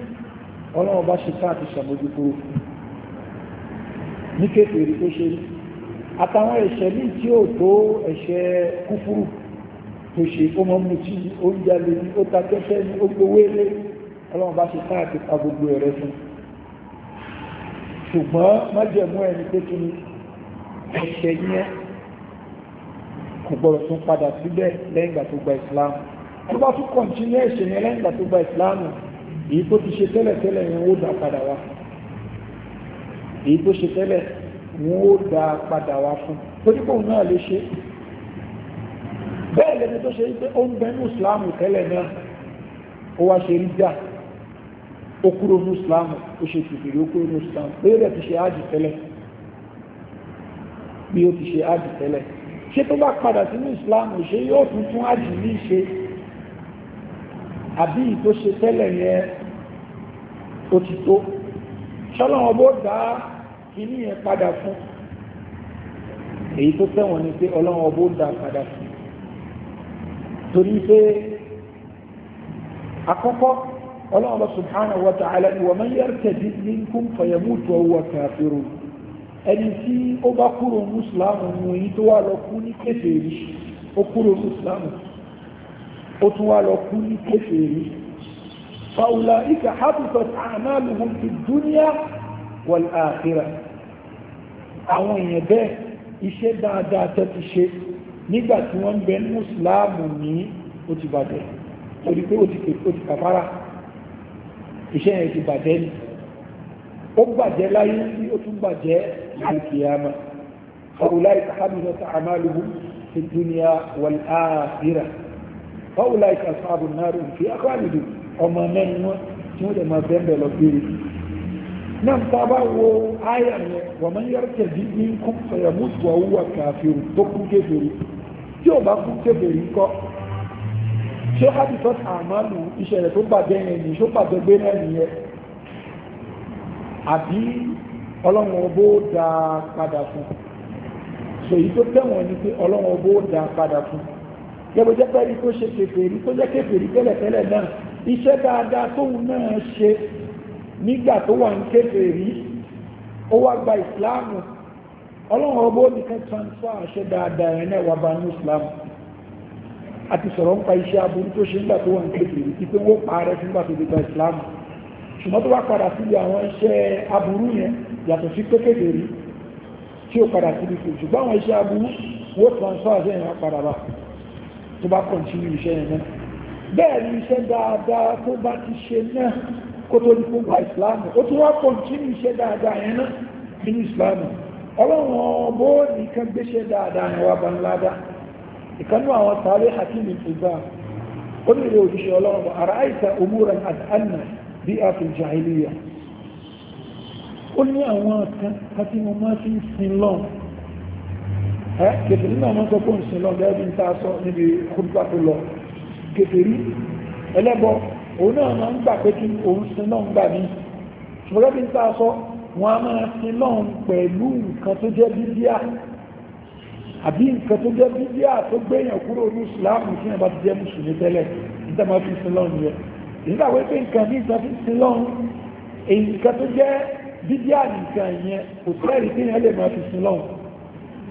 ọlọ́run bá ṣe káà ti ṣàmójúkúrò ní kékeré tó ṣe àtàwọn ẹ̀ṣẹ̀ ní tí ó tó ẹ̀ṣẹ̀ kúfúrú tó ṣe ó mọ́ mú tí ó ń jalè ní ó ta tẹ́tẹ́ ní ó gbowó ilé ọlọ́run bá ṣe káà ti pa gbogbo ẹ̀rẹ́ fún ṣùgbọ́n májẹ̀mú ẹni pé kí ni ẹ̀ṣẹ̀ yẹn kò gbọ́dọ̀ tún padà síbẹ̀ lẹ́yìn ìgbà tó gba ìsìláàmù tó bá tún kọ̀ǹtínú ẹ̀ṣẹ̀ yẹn lẹ́yìn ìgbà tó gba ìsìláàmù èyí tó ti ṣe tẹ́lẹ̀ tẹ́lẹ̀ yẹn ó dá padà wá èyí tó ṣe tẹ́lẹ̀ wọn ó dá padà wá fún torípò náà lè ṣe bẹ́ẹ̀ lẹ́ni tó ṣe wípé ó ń bẹ ní ìsìláàmù tẹ́lẹ̀ náà ó wá ṣe rí dà ó kúrò ní ìsìláàmù ó ṣe tìbìrì ó kúrò ní ìsìláàmù pé rẹ̀ ti ṣe ájì tẹ́lẹ̀ bí ó ti ṣe ájì tẹ́lẹ̀ ṣé tó bá padà sínú islam ṣé yóò tún tún ájì ní ṣe àbí ìtò ṣe tẹ́lẹ̀ yẹn ó ti tó ṣọ́lọ́wọ́n bó dá kìíní yẹn padà fún èyí tó tẹ̀wọ̀n ni pé ọlọ́wọ́n bó dá padà fún torí pé àkọ́kọ́ ọlọ́wọ́n subhanahu wa ta'ala wa man yartadi minkum fayamut wa huwa kafirun ẹni tí ó bá kúrò mùsùlámù ní oyin tó wà lọ kú ní kèfèrí ó kúrò mùsùlámù ó tún wà lọ kú ní kèfèrí fàúlà ìkà habitat àmàlùhùn ti dúníà wal akhirah àwọn èèyàn bẹ́ẹ̀ iṣẹ́ dáadáa tẹ́ ti ṣe nígbà tí wọ́n bẹ mùsùlámù ní ó ti bàjẹ́ torí pé ó ti kàfárà iṣẹ́ yẹn ti bàjẹ́ ni ó bàjẹ́ láyé sí ó tún bàjẹ́ alkiyama fa'ulai ka hadu na ta'amaluhu fi duniya wal akhirah fa'ulai ka sabu narin fi akwalidu ọmọ mẹ́rin wọn tí wọ́n dẹ̀ máa bẹ́ẹ̀ lọ péré náà tá a bá wo àyà yẹn wọ́n máa ń yára tẹ̀lé ní kún fẹ̀yàmú tó wà kàfíìn tó kún kéferì tí ò bá kún kéferì ńkọ́ ṣé àdìsọ́ àmàlù ìṣẹ̀lẹ̀ tó bàjẹ́ yẹn ní ṣó bàjẹ́ gbé náà nìyẹn àbí ọlọ́run ọbọ̀ ó dá padà fún so èyí tó tẹ̀wọ̀n ni pé ọlọ́run ọbọ̀ ó dá padà fún yẹ́bọ̀ jẹ́ pẹ́ẹ́rí tó ṣe kèfèrí tó jẹ́ kèfèrí tẹ́lẹ̀tẹ́lẹ̀ náà iṣẹ́ dáadáa tóun náà ṣe nígbà tó wà ní kèfèrí ó wá gba ìsìláàmù ọlọ́run ọbọ̀ nìkan transfer àṣẹ dáadáa ẹ̀ náà wà bá ní ìsìláàmù àti sọ̀rọ̀ nípa iṣẹ́ aburú tó ṣe nígbà tó wà ní kèfèrí ti pé wọ́n pa ara fún gbà ìsìláàmù ṣùgbọ́n tó bá padà síbi àwọn iṣẹ́ aburú yẹn yàtọ̀ sí kékeré rí tí ó padà síbi kò ṣùgbọ́n àwọn iṣẹ́ aburú wó transfer sí ẹ̀yàn padà bá tó bá kọ̀ntínú iṣẹ́ yẹn náà bẹ́ẹ̀ ni iṣẹ́ dáadáa tó bá ti ṣe náà kó tó ní fún ìsìláàmù ó tún wá kọ̀ntínú iṣẹ́ dáadáa yẹn náà nínú ìsìláàmù ọlọ́run ọbọ̀ nìkan gbéṣẹ́ dáadáa yẹn wá banláda ìkanú àwọn tààrí hakim ìgbà ó nílò òṣìṣẹ́ ọlọ́run àrà àìsà òmùràn àti àìsàn bí a fi jàhílíyà ó ní àwọn kan àti mo máa fi ń sin lọ́n ẹ́ kèfèrí náà mọ́ sọ pé ń sin lọ́n gẹ́gẹ́ bí ń ta sọ níbi kúrúgbà tó lọ kèfèrí ẹlẹ́bọ òun náà máa ń gbà pé kí òun sin lọ́n gbà ní ṣùgbọ́n gẹ́gẹ́ bí ń ta sọ wọ́n a máa sin lọ́n pẹ̀lú nǹkan tó jẹ́ bíbíà àbí nǹkan tó jẹ́ bíbíà tó gbéyàn nígbà wípé nǹkan ní ìtàn fífi lọ́run èyí nǹkan tó jẹ́ bíbí àmì nǹkan ìyẹn kò sẹ́rì tí yẹn lè máa fi sin lọ́run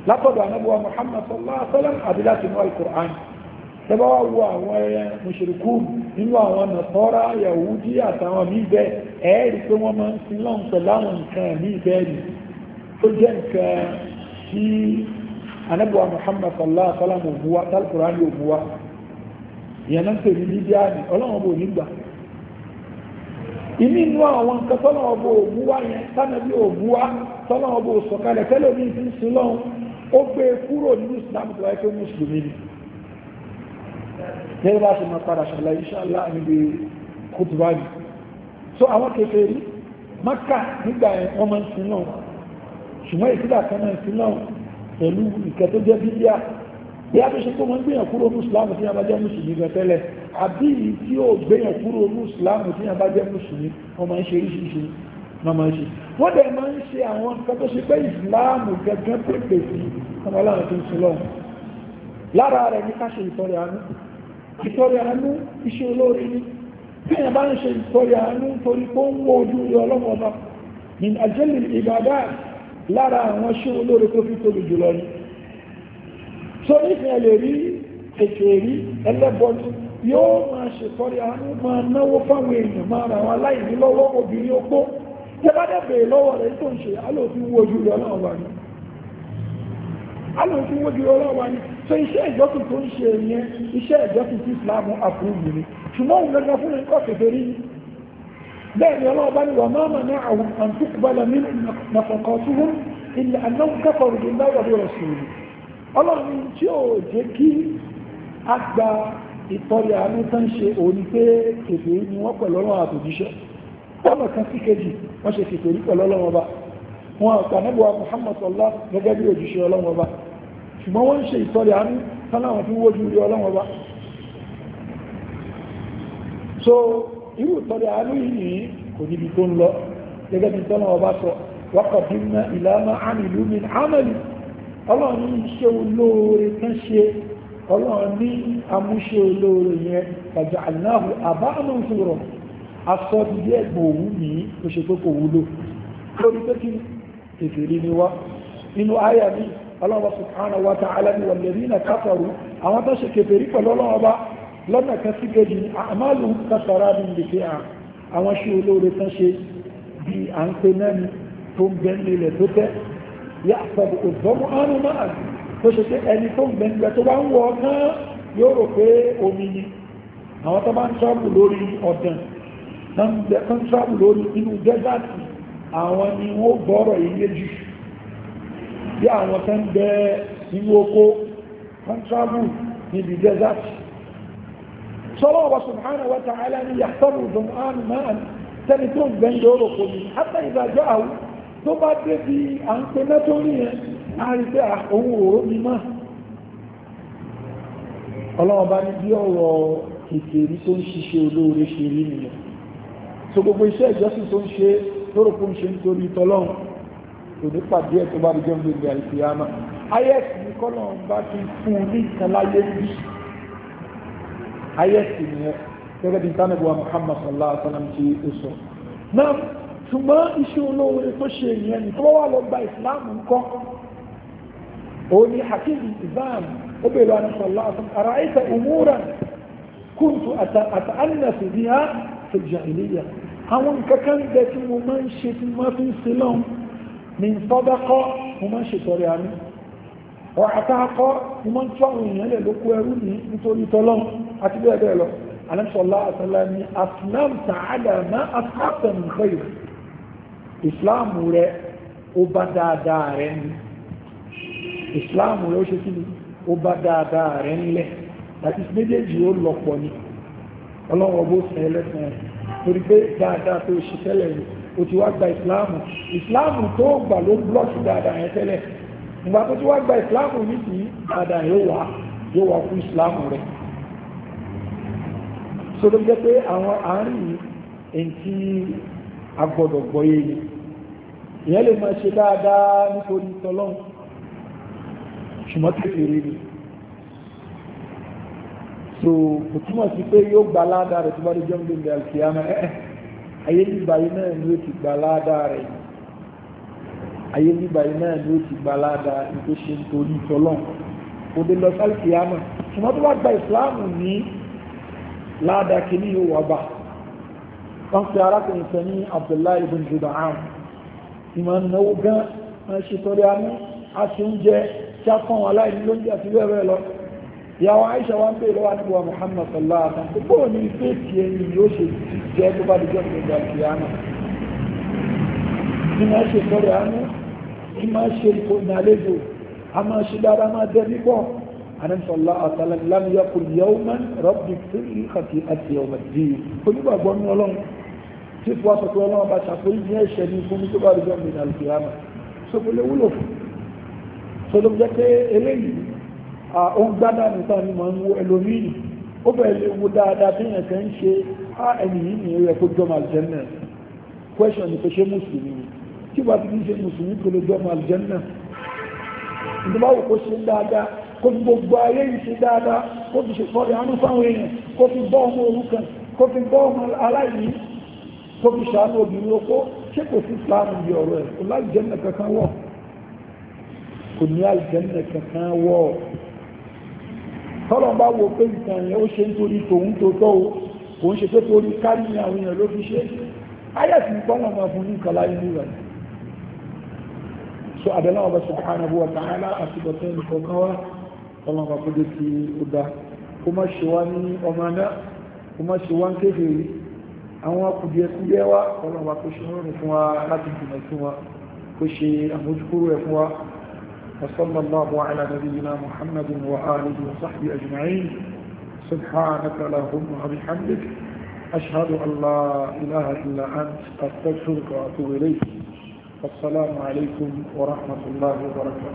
látọ̀dọ̀ anábọ̀wá Muhammad sallallahu alaihi wasallam àbí láti mú al-Qur'an tẹ́bá wá wo àwọn ẹ̀yẹ mùsùlùkù nínú àwọn nàtọ́ra Yahudi àtàwọn míì bẹ́ẹ̀ ẹ̀ẹ́rì pé wọ́n máa ń sin lọ́run pẹ̀lú àwọn nǹkan míì bẹ́ẹ̀ ni tó jẹ́ nǹkan tí anábọ̀wá Muhammad sallallahu alaihi wasallam òbuwa tal-Qur'an yóò buwa ìyẹn náà ń pè ní bíbí ìmí inú àwọn nǹkan tọ́lọ̀ ọbọ òmú wá yẹn tánàbí òmú wá tọ́lọ̀ ọbọ òsọ̀kalẹ̀ tẹ́lẹ̀ ní ìfín sí lọ́hùn ó gbé e kúrò nínú islam tó wáyé pé mùsùlùmí ni gẹ́gẹ́ bá ṣe máa padà ṣàlàyé inshallah níbi kútùbá ni so àwọn kékeré maka nígbà yẹn wọ́n máa ń sin náà ṣùgbọ́n ìsílà kan náà sin náà pẹ̀lú ìkẹ́ bíbíà bí a tó ṣe tó mọ́ gbéyàn kúrò ní ìsìláàmù tí a bá jẹ́ mùsùlùmí gan tẹ́lẹ̀ àbí yìí tí ó gbéyàn kúrò ní ìsìláàmù tí a bá jẹ́ mùsùlùmí wọ́n máa ń ṣe oríṣiríṣi náà máa ń ṣe wọ́n dẹ̀ máa ń ṣe àwọn nǹkan tó ṣe pé ìsìláàmù gẹ́gẹ́ pépè sí ọmọ tó ń sin lọ́wọ́ lára rẹ̀ ní ká ṣe ìtọrẹ àánú ìtọrẹ àánú torí ìfẹ́ lè rí ètò èrí ẹlẹ́bọnú yóò máa ṣètọ́rí àánú máa náwó fáwọn èèyàn máa ra wọn láìní lọ́wọ́ obìnrin opó tẹ́bádẹ́bẹ̀ẹ́ lọ́wọ́ rẹ̀ tó ń ṣe alóòfin wojú rẹ̀ náà wà ní alóòfin wojú so iṣẹ́ ìjọsìn tó ń ṣe yẹn iṣẹ́ islamu ni ṣùgbọ́n òun gẹ́gẹ́ fún bẹ́ẹ̀ ni ọlọ́ọ̀bá ni wà máa mọ̀ àwọn àǹtí ọlọ́run tí ó jẹ́ kí a gba ìtọ́lẹ̀ àánú tán ṣe òní pé kèfè ní wọ́n pẹ̀lú ọlọ́run àtòjíṣẹ́ ọlọ́ kan sí kejì wọ́n ṣe kèfè rí pẹ̀lú ọlọ́run ọba wọn àpà níbo Muhammad ọlá gẹ́gẹ́ bí òjíṣẹ́ ọlọ́run ọba ṣùgbọ́n wọ́n ń ṣe ìtọ́lẹ̀ àánú tán láwọn fi wójú rí ọlọ́run so irú ìtọ́lẹ̀ àánú yìí kò níbi ọlọ́run ní iṣẹ́ olóore kan ṣe ọlọ́run ní amúṣe olóore yẹn tàbí aláhù àbá àmọ́sọ̀rọ̀ asọ́dílé ẹ̀gbọ̀n òwú mi ó ṣe pé kò wúlò lórí pé kí kèfèrè ni wá nínú àyà mi ọlọ́run subhanahu wa ta'ala ni walladhina kafaru àwọn tó ṣe kèfèrè pẹ̀lú ọlọ́run lọ́nà kan sí kejì ni àmàlù kásàrà ní ìdíkẹ́ àwọn ṣe olóore kan ṣe bí à ń pe náà ni tó ń bẹ́ńlẹ̀ tó tẹ́ yà àfẹ́bù òzọ́mù ánú máa tó ṣe pé ẹni tó ń gbẹ̀ngbẹ̀ tó bá ń wọ ọ̀kan yóò rò pé omi ni àwọn tó bá ń tráàbù lórí ọ̀dàn tó ń tráàbù lórí inú dẹ́sàtì àwọn ni wọ́n gbọ́rọ̀ ilé jù bí àwọn tó ń bẹ inú oko tó ń tráàbù níbi dẹ́sàtì sọ́lọ́ wa subhanahu wa ta'ala ni yàtọ̀rù òzọ́mù ánú máa tẹ́ni tó ń yóò rò pé omi tó bá débi à ń pe mẹ́tò nìyẹn á rí pé ah, òun òró mi mọ́ ọlọ́run bá ní bí ọ̀rọ̀ kékeré tó ń ṣiṣẹ́ olóore ṣe rí nìyẹn so gbogbo iṣẹ́ ìjọsìn tó ń ṣe lórúkú ń ṣe nítorí tọlọ́run òní pàdé ẹ̀ tó bá rí jẹun lórí àìsíyámà ayẹ́s ní kọ́nà bá ti fún un ní nǹkan láyé bí ayẹ́s nìyẹn gẹ́gẹ́ bí ṣùgbọ́n iṣẹ́ olóore tó ṣe ìyẹn ní tó wà lọ gba ìsìláàmù ńkọ́ òun ni hakim islam ó bèèrè àwọn sọ̀lá àtúntò ara ẹ̀sẹ̀ òmùúra kúntù àtàánàfì ní á fi jàìlíyà àwọn nǹkan kan bẹ tí mo máa ń ṣe tí mo fi ń ṣe lọ́n ní sọ́dákọ́ mo máa ń ṣe tọrẹ àmì ọ̀rọ̀ àtàkọ́ mo máa ń tún àwọn èèyàn lẹ̀ lóko ẹrú ní nítorí tọ́lọ́ àti bẹ́ẹ̀ bẹ́ẹ̀ lọ àlẹ́ sọ̀lá àtàlá ni aslam ta'ala ma aslam min ìsìláàmù rẹ ó bá dáadáa rẹ ní ìsìláàmù rẹ ó ṣe kí ni ó bá dáadáa rẹ nílẹ̀ àti ni ọlọ́wọ́ bó sẹ ẹlẹ́sìn rẹ torí pé dáadáa tó ṣe tẹ́lẹ̀ ti wá gba ìsìláàmù ìsìláàmù tó gbà ló blọ́ọ̀kì dáadáa yẹn tẹ́lẹ̀ ìgbà ti wá gba ìsìláàmù nísìnyí dáadáa yóò wá yóò wá fún ìsìláàmù rẹ sọdọ́ jẹ́ pé àwọn àárín yìí èyí ìyẹn lè máa ṣe dáadáa nítorí tọlọ́run ṣùgbọ́n kékeré ni so kò túmọ̀ sí pé yóò gba aláàdá rẹ̀ tó bá dé jọ́ǹdé ní alkiyama ẹ̀ ayé nígbà yìí náà ni ó ti gba aláàdá rẹ̀ ayé nígbà yìí náà ni ó ti gba aláàdá nítorí ṣe nítorí tọlọ́run kò dé lọ sí alkiyama ṣùgbọ́n tó bá gba ìsìláàmù ní láàdá kìíní yóò wà bá wọ́n pe arákùnrin sẹ́ni Abdullahi ibn Juda'an ìmọ̀ náwó gan ma ṣe tọrẹ amú àti oúnjẹ tí a fún aláìní lóúnjẹ àti bẹ́ẹ̀ lọ ìyàwó Aisha wa ń bèèrè lọ́wọ́ níbo Muhammad sallallahu alaihi wasallam gbogbo ní ilé tí ẹni yóò ṣe jẹ́ tó bá dijọ́ ìgbà kìíyàmà ní máa ṣe tọrẹ amú ní máa ṣe ìkọ̀nàlejò a máa ṣe dáadáa máa dẹ́ nípọ̀ anan sallallahu alaihi wasallam lam yakun yawman rabbi fili khati'ati tí fún aṣọ pé ọlọ́run bá ṣàforí ní ẹ̀ṣẹ̀ ní fún tó bá rí jọ́ mìíràn àlùkò yàrá lè wúlò fún so ló jẹ́ pé eléyìí ó gbádà níta ni mò ń wo ẹlòmíì ó bẹ̀rẹ̀ lè wo dáadáa tí èèyàn kan ń ṣe á ẹni ní ẹ̀rẹ́ kó jọ́ màlìjẹ́nà question ni pé ṣé mùsùlùmí ni tí wàá fi ní ṣe mùsùlùmí kò lè jọ́ màlìjẹ́nà ìjọba wò kó ṣe dáadáa kó fi gbogbo ayé yìí ṣe dáadáa kó fi ṣe fọ́ọ̀rẹ́ àánú fáwọn èèyàn kó fi bọ́ ọmọ òrukàn kó fi bọ́ ọmọ aláìní kó fi ṣàánú obìnrin okó ṣé kò sí fúlàmù bí ọ̀rọ̀ ẹ̀ kò lálùjẹ́nà kankan wọ̀ kò ní àlùjẹ́nà kankan wọ̀ tọ́lọ̀ bá wo pé nǹkan yẹn ó ṣe nítorí tòun tó tọ́ o kò ń ṣe pé torí kárí ní àwọn èèyàn ló fi ṣe ayẹ̀sìn tọ́lọ̀ máa fún ní nǹkan láyé nígbà so àdánà ọba subhanahu wa ta'ala àti bọ̀tẹ́ nìkan wá tọ́lọ̀ bá kó dé ti ó kó má ṣe wá ní ọmọ náà kó má ṣe wá ń kéfèé àwọn kùdìẹ̀kùdìẹ̀ wá ọlọ́wà wa láti jùmọ̀ sí wa kó ṣe àmójúkúrò wa وصلى الله على نبينا محمد وآله وصحبه أجمعين سبحانك اللهم وبحمدك أشهد أن لا إله إلا أنت أستغفرك وأتوب إليك والسلام عليكم ورحمة الله وبركاته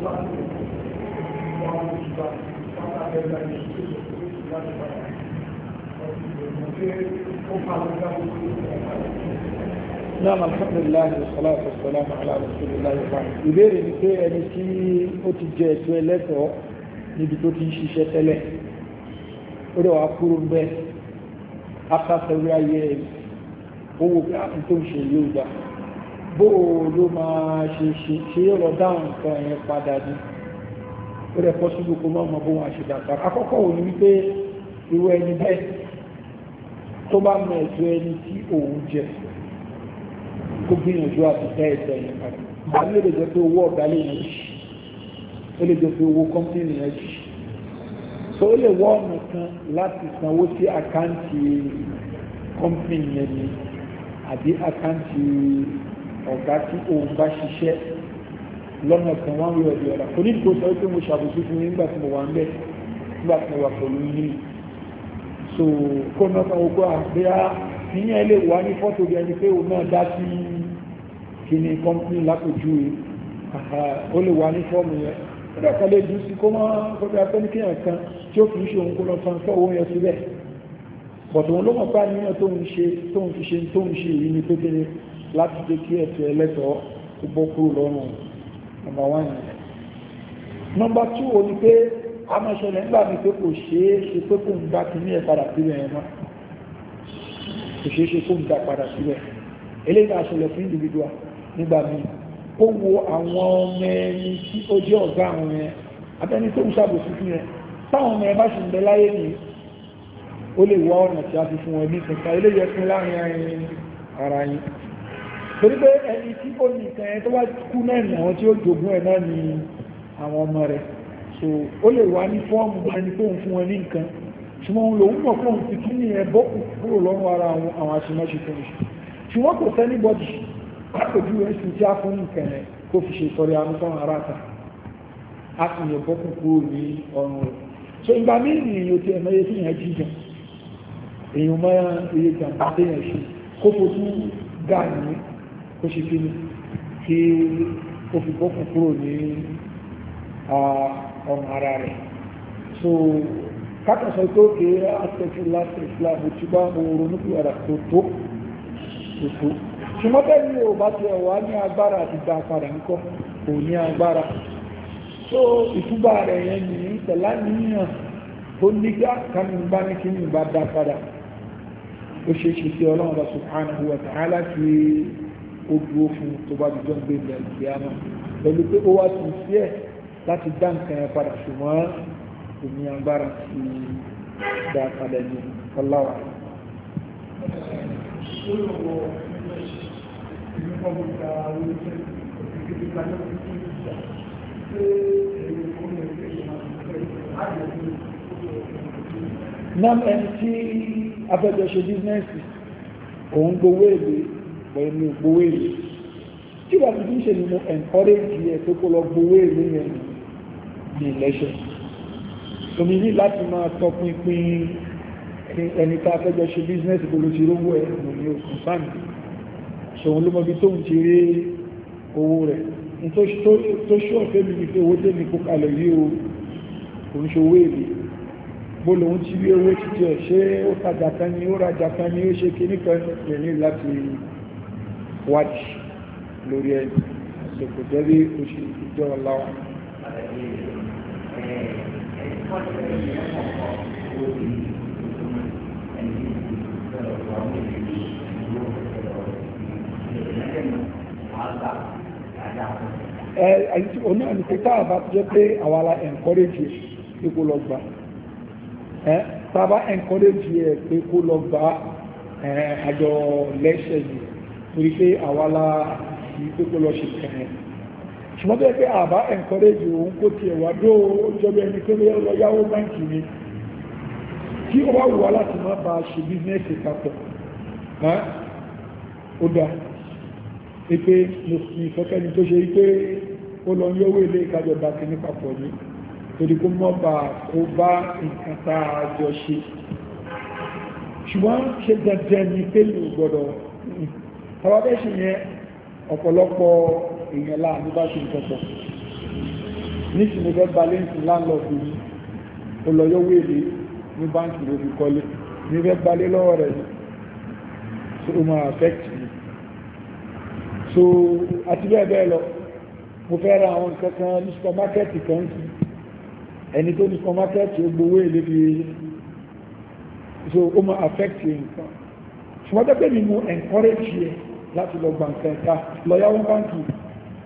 Thank you. náà alhamdulilayi salatu wasalamu ala rasulillahi wa ìbéèrè ni pé ẹni tí ó ti jẹ ẹ̀tọ́ ẹlẹ́tọ̀ọ́ níbi tó ti ń ṣiṣẹ́ tẹ́lẹ̀ ó dẹ̀ wá kúrò ń bẹ́ẹ̀ after several years ó wò pé àwọn tó ń ṣe yóò gbà bó o ló máa ṣe ṣe ṣe yóò lọ dáhùn nǹkan yẹn padà ni ó rẹ̀ pọ́sílù kó mọ́ ọmọ bó wọn ṣe dàgbà akọ́kọ́ wò ní wípé irú ẹni bẹ́ẹ̀ tó bá mọ ẹ̀tọ́ ẹni tí òun jẹ kó gbìyànjú àti tẹ́ ẹ̀tọ́ ẹ̀yìn padà bá lè lè jẹ́ pé owó ọ̀gá lè yàn jì ó lè jẹ́ pé owó kọ́mpínì yàn jì so ó lè wọ́ ọ̀nà kan láti sanwó sí àkáǹtì kọ́mpínì yẹn ni àbí àkáǹtì ọ̀gá tí òun bá ṣiṣẹ́ lọ́nà kan wọ́n wí ọ̀dọ̀ ọ̀la kò ní kó sọ pé mo ṣàbùsù fún yín nígbà tí mo wà ń bẹ̀ nígbà tí mo wà pẹ̀lú yín so kó náà kan wọ́n kó àgbéyà níyẹn lè wà ní fọ́tò bí ẹni pé òun náà dá sí kíní kọ́mpínì lápòjú ó lè wà ní fọ́ọ̀mù yẹn ó dẹ̀ kan lè dùn sí kó mọ́ kọ́bí afẹ́nikẹ́yàn kan tí ó fi ń ṣe òun kó lọ san fẹ́ owó yẹn síbẹ̀ bọ̀tọ̀ òun ló mọ̀ pé àníyàn tó ń ṣe tó ń fi ṣe tó ń ṣe yìí ní pékeré láti jẹ́ kí ẹ̀tọ́ ẹlẹ́tọ̀ọ́ gbọ́ kúrò lọ́rùn nọmba wán yẹn nọmba o ní pé amáṣẹlẹ̀ nígbà mi pé kò ṣeé ṣe pé kò ń gbá kìíní ẹ̀ padà síbẹ̀ yẹn mọ́ kò ṣeé ṣe kó ń gbá padà síbẹ̀ eléyìí náà fún individual nígbà mi ó wo àwọn ọmọ ẹni tí ó jẹ́ ọ̀gá àwọn ẹ̀ abẹ́ni tó ń ṣàbòsí fún ẹ táwọn ọmọ ẹ bá ṣì ń bẹ láyé nìyí ó lè wá ọ̀nà tí a fi fún ẹ ní kankan eléyìí fún láàrin ara yín torí pé ẹni tí ó ní ìtàn tó wá kú náà ní àwọn tí ó jogún ẹ̀ náà ní àwọn ọmọ rẹ̀ so ó lè wá ní fọ́ọ̀mù ẹni pé òun fún wọn ní nǹkan ṣùgbọ́n òun lòun mọ̀ fún òun ti kí ní ẹ bọ́kù kúrò lọ́rùn ara àwọn àṣemáṣe tó ń ṣe ṣùgbọ́n kò sẹ́ni bọ́dì kó fi ṣe a sì yẹ bọ́kù ní kó ṣe kí ni kí ó fi bọ́kù kúrò ní ọmọ ara rẹ̀ so kákàsọ tó ké àtẹ̀kù láti ìfìlà àbòtúbá oorun nípìnlẹ̀ tó tó tó ṣùgbọ́n bẹ́ẹ̀ ni ò bá ti ẹ̀wà ní agbára àti gba padà ńkọ́ kò ní agbára so ìtúbà rẹ̀ yẹn ní tẹ̀lá níyàn tó nígbà kanìbá ní kí ní ìbá dá padà ó ṣe é ṣe sí ọlọ́run subhanahu wa ta'ala fi ó dúró fún tó bá di jọ́ǹgbé ní àlùkìyàmà pẹ̀lú pé ó wá ti sí ẹ̀ láti dá nǹkan yẹn padà ṣùgbọ́n omi agbára ti dá padà ní ọláwà. Nam ẹni tí afẹ́jọ́ ṣe bísínẹ́sì, òun gbowó èlé pẹ̀lú gbowó èrè tí wàá ti ṣe ni mo encourage ẹ pé kó lọ gbowó èrè yẹn ní ìlẹ́sẹ̀ omi ní láti máa tọpinpin ẹni tá a fẹ́ ṣe business gbolo ti rówó ẹ mo ní òkun sáàmì ṣòun ló mọbi tóun ti rí owó rẹ̀ tó ṣọ́ fẹ́mi ní pé owó tẹ́mi kó kalẹ̀ yí o kò ń ṣe owó èrè lòun ti rí owó títí ẹ̀ ṣé ó tajà kan ni ó rajà kan ni ó ṣe kíní kan ní láti wájì lórí ẹni ṣòkò jẹ́ bí o ṣe ìjọ ọláwà. ẹ ẹ oní àlùkò tá a bá jẹ pé àwa la encourage pé kó lọ gbà ẹ tá a bá encourage ẹ pé kó lọ gbà ẹ àjọ lẹ́sẹ̀ yìí torí pé àwálá yìí pé kó lọ ṣe kàn ṣùgbọ́n tó yẹ pé àbá encourage òun kó tiẹ̀ wá dó ìjọba ẹni pé lọ yáwó báńkì ni tí ó bá wù wá láti má ba ṣe bísínẹ́sì papọ̀ ó dá pé ìfẹ́kẹ́ni tó ṣe pé ó lọ yówó ilé ìkájọba kìíní papọ̀ ni torí kó mọ́ bá kó bá nǹkan tá a jọ ṣe ṣùgbọ́n ṣe dandan ni pé lè gbọ́dọ̀ tàwa bẹ́ẹ̀ ṣe yẹn ọ̀pọ̀lọpọ̀ èèyàn láàánú bá ṣe nǹkan pọ̀ níṣì mo fẹ́ balẹ̀ ní láńlọ́ọ̀dù mi ó lọ yọ wéèlé ní báńkì ló fi kọ́lé mi fẹ́ balẹ̀ lọ́wọ́ rẹ̀ ni so ó máa affect me so àti bẹ́ẹ̀ bẹ́ẹ̀ lọ mo fẹ́ ra àwọn nǹkan kan ní supermarket kan sí ẹni tó ní supermarket ó gbowó èlé fi so ó máa affect me nǹkan ṣùgbọ́n tẹ́pẹ́ mi mo encourage yẹn láti lọ gba nǹkan ẹ̀ka lọ yáwó báńkì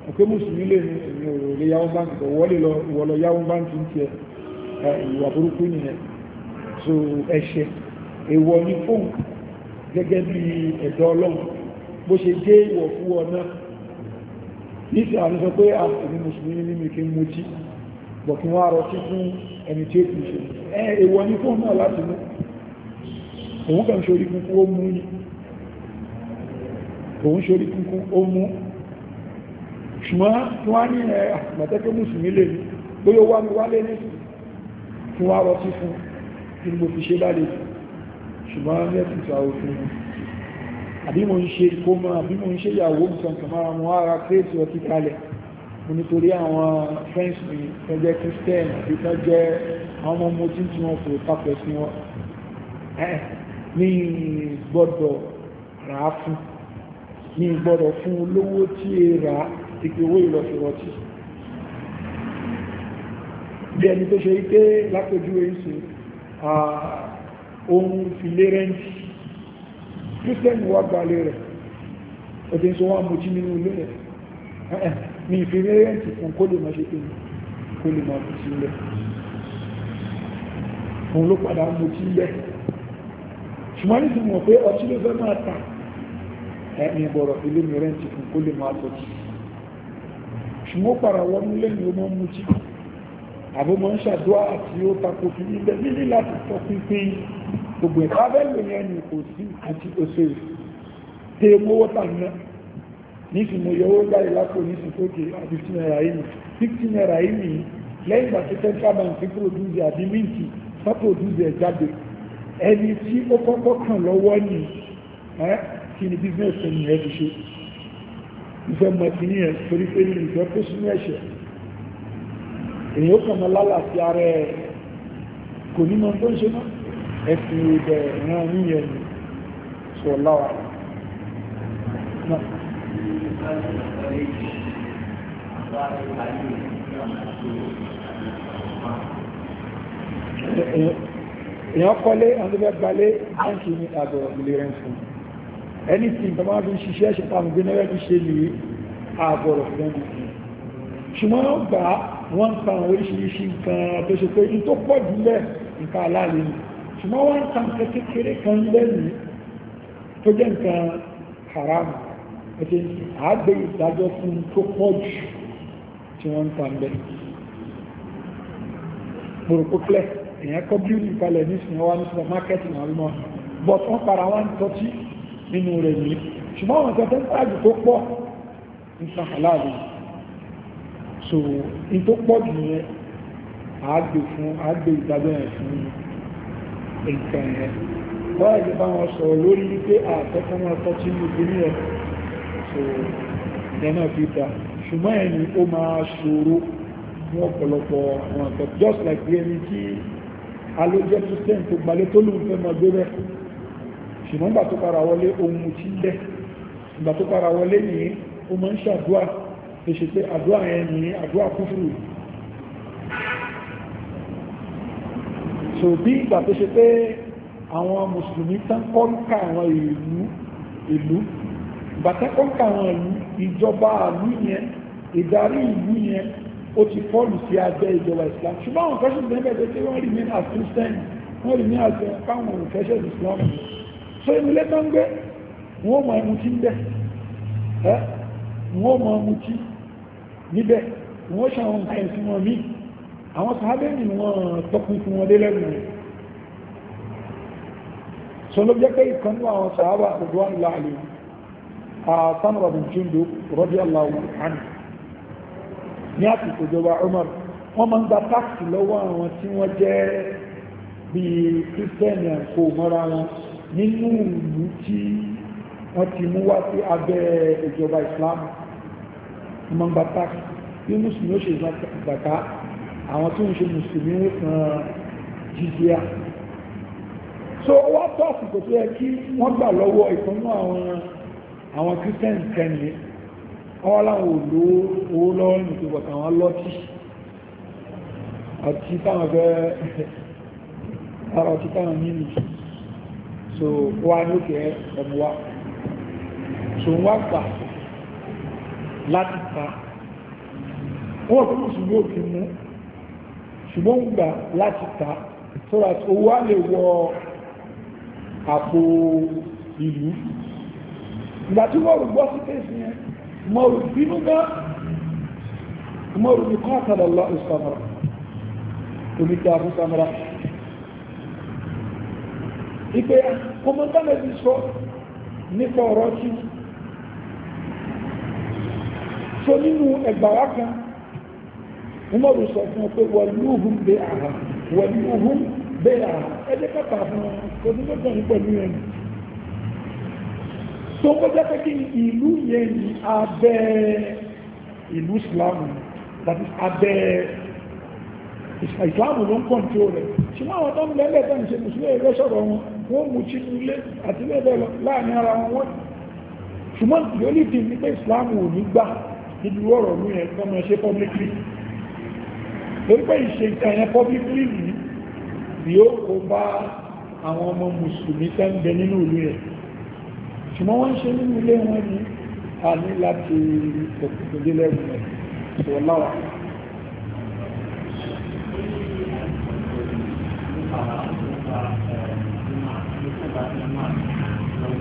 òkè mùsùlùmí lè ní èmi ò lè yáwó báńkì tó wọlé lọ ìwọ lọ yáwó báńkì ń tiẹ̀ ìwà burúkú nìyẹn so ẹ̀ṣẹ̀ èèwọ̀ ní fóun gẹ́gẹ́ bí ẹ̀dọ́ ọlọ́run bó ṣe jẹ́ ìwọ̀ fún ọ náà nítorí àwọn sọ pé àmì ah, mùsùlùmí ní mi kí ń mutí bọ̀ kí wọ́n arọtí fún ẹni tí ó kù ṣe èèwọ̀ ní fóun náà láti mú òun kàn ṣe orí fún ó mú yìí òun ṣe orí kúnkún ó mú ṣùgbọ́n tí wọ́n ní ẹ̀ àmọ̀tẹ́kẹ́ mùsùlùmí lè ní bóyá wá mi wálé ní fún wá rọtí fún kí mo fi ṣe láre ṣùgbọ́n mẹ́fì ta òfin mu àbí mo ń ṣe ìkómọ àbí mo ń ṣe ìyàwó nǹkan kan mára mo ara mo nítorí àwọn friends mi tó jẹ́ christian àbí tó jẹ́ àwọn ọmọ mo tí tí wọn kò tapẹ̀ sí wọn ẹ ní gbọ́dọ̀ ràá fún ní gbọ́dọ̀ fún olówó tí è rà ìpèwó ìrọ̀fìrọ̀tì bí ẹni tó ṣe wípé lápẹjú èsì ohun filé rẹ́ǹtì kírísítẹ́nì wà gbalẹ̀ rẹ̀ òdí ń sọ wọ́n mú jí nínú ilé rẹ̀ ní ìfilé rẹ́ǹtì fún kó lè máa ṣe pé kó lè máa fi sílẹ̀ òun ló padà mú jí lẹ̀ ṣùgbọ́n nítorí mọ̀ pé ọtí ló fẹ́ máa ta ẹni gbọ́rọ̀ ilé mi rẹ́ǹtì fún kó lè máa tọ́jú ṣùgbọ́n para wọn lẹ́yìn ọmọ mú tí àbó mọ́ ń ṣàdúrà àti ó tako fi ilẹ̀ nílé láti tọ́ pínpín gbogbo ẹ̀ka bẹ́ẹ̀lì yẹn ni kò sí àti òṣè tẹ mówó tà ná nísì mo yọ owó báyìí lápò nísì tó ké àti fifteen naira yìí ni fifteen naira yìí ni lẹ́yìn ìgbà tí central bank ti produce àbí mint sọ produce ẹ̀ jáde ẹni tí ó kọ́kọ́ kàn lọ́wọ́ ni kí ni business ẹni ẹ ti ṣe ìfẹ́ mọ̀ kí ní ẹ̀ torí pé ní ìfẹ́ kó sínú ẹ̀ṣẹ̀ èyàn kàn mọ́ lálàáfí ara ẹ̀ kò ní mọ́ tó ń ṣe náà ẹ̀sìn ìdẹ̀ ìran níyẹn ni sọ láwà èyàn kọ́lé àwọn tó fẹ́ gbalé báńkì ní àgbọ̀ ilé rẹ̀ fún un anything tó máa fi ṣiṣẹ́ ṣe tàbí gbé náírà ní ṣe lè àbọ̀rọ̀ lẹ́nu ṣùgbọ́n gbà wọ́n ń ta oríṣiríṣi nǹkan tó ṣe pé ní tó pọ̀ jùlẹ̀ nǹkan aláàlẹ́ ni ṣùgbọ́n wọ́n ń ta nǹkan kékeré kan lẹ́nu tó jẹ́ nǹkan haram ẹ̀tẹ́ àgbé ìdájọ́ fún tó pọ̀ jù tí wọ́n ń ta ń bẹ́ mọ̀rọ̀kọ́kílẹ̀ èèyàn kọ́ bí nínú rẹ̀ ní ṣùgbọ́n àwọn kẹta ń pàdù tó pọ̀ ní sàkàláàbù so in tó pọ̀ jù yẹn àágbè fún àágbè ìdájọ́ yẹn fún nǹkan yẹn wọ́n ẹ̀jẹ̀ bá wọn sọ̀rọ̀ lórí wípé àtẹ́kọ́ máa tọ́ sí ìlú ní ẹ̀ so ìyẹn náà fi dá just like bí ẹni tí alójẹ́ tó sẹ́ǹtì gbalẹ́ tó lóun fẹ́ ṣùgbọ́n gbà tó para wọlé ohun tí ń bẹ́ ìgbà tó para wọlé ní o mọ́ ń ṣàdúà lè ṣe pé àdúà yẹn ní àdúà kúfùrù so bí ìgbà tó ṣe pé àwọn mùsùlùmí tán kọ́ńkà àwọn ìlú ìlú bàtẹ́ kọ́ńkà àwọn ìlú ìjọba ìlú yẹn ìdarí ìlú yẹn ó ti fọ́ọ̀lù sí abẹ́ ìjọba Islam ṣùgbọ́n àwọn kẹ́ṣẹ́ ìgbẹ́mẹ́ẹ̀dẹ́ tí wọ́n rí ní as Christian wọ́n rí ní as káwọn olùkẹ́ṣẹ́ Islam so ìmìlẹ̀ tó ń gbé wọ́n mọ̀ ẹmùtí níbẹ̀ ẹ́ wọ́n mọ̀ ẹmùtí níbẹ̀ wọ́n ṣàwọn nǹkan ẹ̀sìn wọn mí àwọn sàábẹ́ ni wọ́n tọkùn fún wọn délẹ̀ mú so ló jẹ́ pé ìkanú àwọn sàábà ọdún àlọ́ àlè àtàmùrọ̀ bin Jundub radiyallahu anhu ní àtìkò ìjọba Umar wọ́n máa ń gba táàkì lọ́wọ́ àwọn tí wọ́n jẹ́ bíi kírísítẹ́nì àkó mọ́ra wọn nínú ìlú tí wọ́n ti mú wá sí abẹ́ ìjọba Islam ọmọ gba tax bí mùsùlùmí ó ṣe gbàká àwọn tó ń ṣe mùsùlùmí ń san jizya so wọ́n tọ́ àsìkò tó yẹ kí wọ́n gbà lọ́wọ́ ìtọ́nú àwọn àwọn Christian kẹ́ni wọ́n láwọn òlò owó lọ́wọ́ ní ti wọ̀tà wọn àti táwọn fẹ́ ara ọtí táwọn nínú so wá lókè ẹ̀mú wa so wá gbà láti ta wọ́n tó mùsùlùmí òkè mú ṣùgbọ́n gbà láti ta so that owó á lè wọ àpò ìlú ìgbà tí wọ́n rò gbọ́ sí kéèsì yẹn mọ̀ rò bínú gan mọ̀ rò ní kọ́ àtàlọ́lọ́ ìsọmọ́ra omi tí a fún samara ìpé kọmọtánẹ́bí sọ nípa ọ̀rọ̀ tí so nínú ẹgbàwá kan umaru sọ fún pé wọlúhùn bẹ àrà wọlúhùn bẹ àrà ẹjẹ́ kàtà fún onígbọ́gbọ̀n pẹ̀lú ẹni tó kó jẹ́ pé kí ìlú yẹn ní abẹ́ ìlú islamu that is abẹ́ islamu ló ń kọ́ntó rẹ̀ ṣùgbọ́n àwọn tó ń lẹ́lẹ̀ tó ń ṣe mùsùlùmí ẹgbẹ́ sọ̀rọ̀ wọn wọ́n mú tí nílé àti lẹ́bẹ̀ẹ́ lọ láàrin ara wọn wọ́n ṣùgbọ́n yóò dì ní pé ìsìláàmù ò ní gbà níbi ọ̀rọ̀ ní ẹ̀ tọ́mọ ṣe publicly lórí pé ìṣe ìtàyẹn publicly yìí bí ó kó bá àwọn ọmọ mùsùlùmí tẹ́ ń bẹ nínú ìlú ẹ̀ ṣùgbọ́n wọ́n ṣe nínú ilé wọn ní a ní láti òkùnkùnlé lẹ́rù rẹ̀ sọ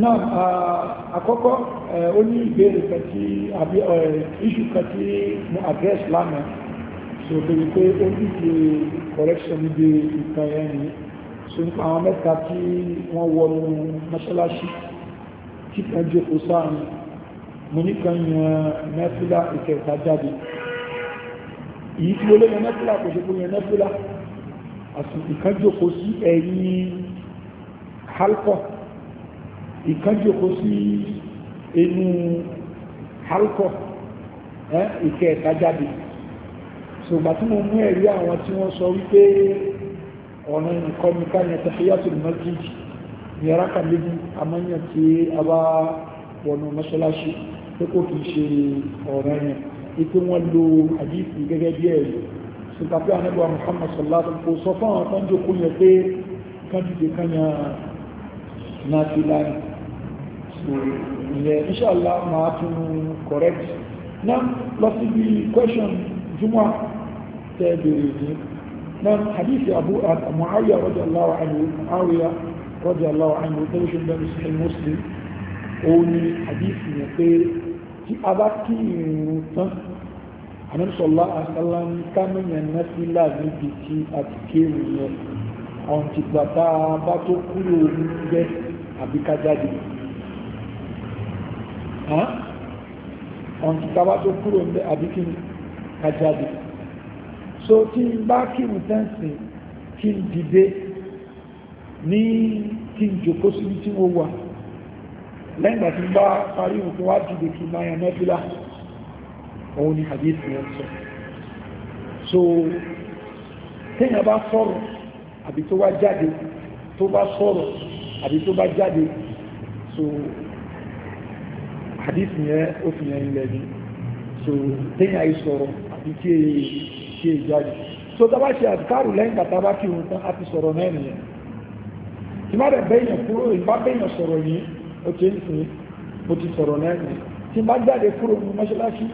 náà uh, àkọ́kọ́ eh, ó ní ìbéèrè kan tí àbí eh, iṣu kan tí mo address lánàá so bèèrè pé ó ní ti correction níbi nǹkan ẹ̀ ní so nípa àwọn mẹ́ta tí wọ́n wọnú mọ́ṣáláṣí tí kan jókòó sáàrin mo ní kan yan nẹ́fílà ìkẹta jáde èyí tí ó lé yan nẹ́fílà kò ṣe kó yan nẹ́fílà àti ìkan jókòó sí ẹ̀yìn halkọ́ ìkájòkó sí inú halkọ ìkẹ́ ẹ̀ka jáde ṣùgbà tí mo mú ẹ̀rí àwọn tí wọ́n sọ wípé ọ̀nà nǹkan mi ká yẹn tẹ̀fẹ́yàtò mọ́síjì ní aráka méjì amáyàn tí a bá wọnà mọ́ṣáláṣí pé kò kìí ṣe ọ̀rọ̀ yẹn ipé wọ́n lo àdífì gẹ́gẹ́ bí ẹ̀rí ṣùgbà pé àníbà Muhammad sallallahu kò sọ fún àwọn kan jókòó yẹn pé kan dìde náà ti láàrín ìyẹn inṣàlá máa correct náà lọ sí bí question jùmọ̀ tẹ́ bèèrè ní náà hadithi abu muawiya radiyallahu anhu muawiya radiyallahu anhu tó ṣe muslim ó ní hadithi yẹn pé tí a bá kí ìrìn tán àníṣọ́lá àṣálá ní kámẹ́yàn náà sí láàrin ibi tí a ti kéèrè yẹn àwọn tìgbà tá bá tó kúrò ní bẹ́ẹ̀ àbíkájáde ọ̀nkìtàwá tó kúrò ń bẹ àbí kí n kájáde so tí n bá kírun tẹ́ǹsì kí n dìde ní kí n jòkó síbi tí mo wà lẹ́yìn ìgbà tí n bá parí òkú wá dìde kí n máa yan mẹ́fílà òun ni hadith yẹn sọ so téèyàn bá sọ̀rọ̀ àbí tó bá jáde tó bá sọ̀rọ̀ àbí tó bá jáde so hadith yẹn ó fi yẹn ilẹ̀ ni so téèyàn yìí sọ̀rọ̀ àti tí èyí tí èyí jáde so tá a bá ṣe àdìkárù lẹ́yìn kàtà bá kí òun tán á ti sọ̀rọ̀ náà nìyẹn tí má dẹ̀ bẹ́yàn kúrò ìbá bẹ́yàn sọ̀rọ̀ yìí ó ti ń sìn mo ti sọ̀rọ̀ náà nìyẹn tí má jáde kúrò ní mọ́ṣáláṣí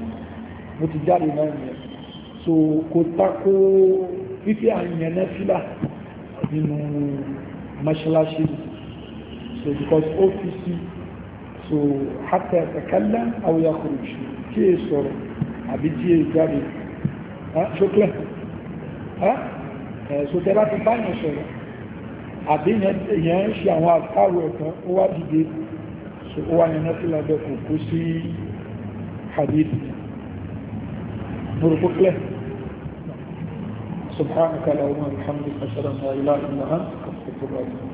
mo ti jáde náà nìyẹn so kò tako fífi àyàn náà fílà nínú mọ́ṣáláṣí so because ó fi sí حتى يتكلم أو يخرج كيف يصور عبيدية الجابية شكرا سوتي راكي باني صورة عبيدية ينشي عن واد قاوتا هو جديد هو ينفي لديك وكسي حديث مرفق له سبحانك اللهم وبحمدك اشهد ان لا إله إلا أنت أستغفر الله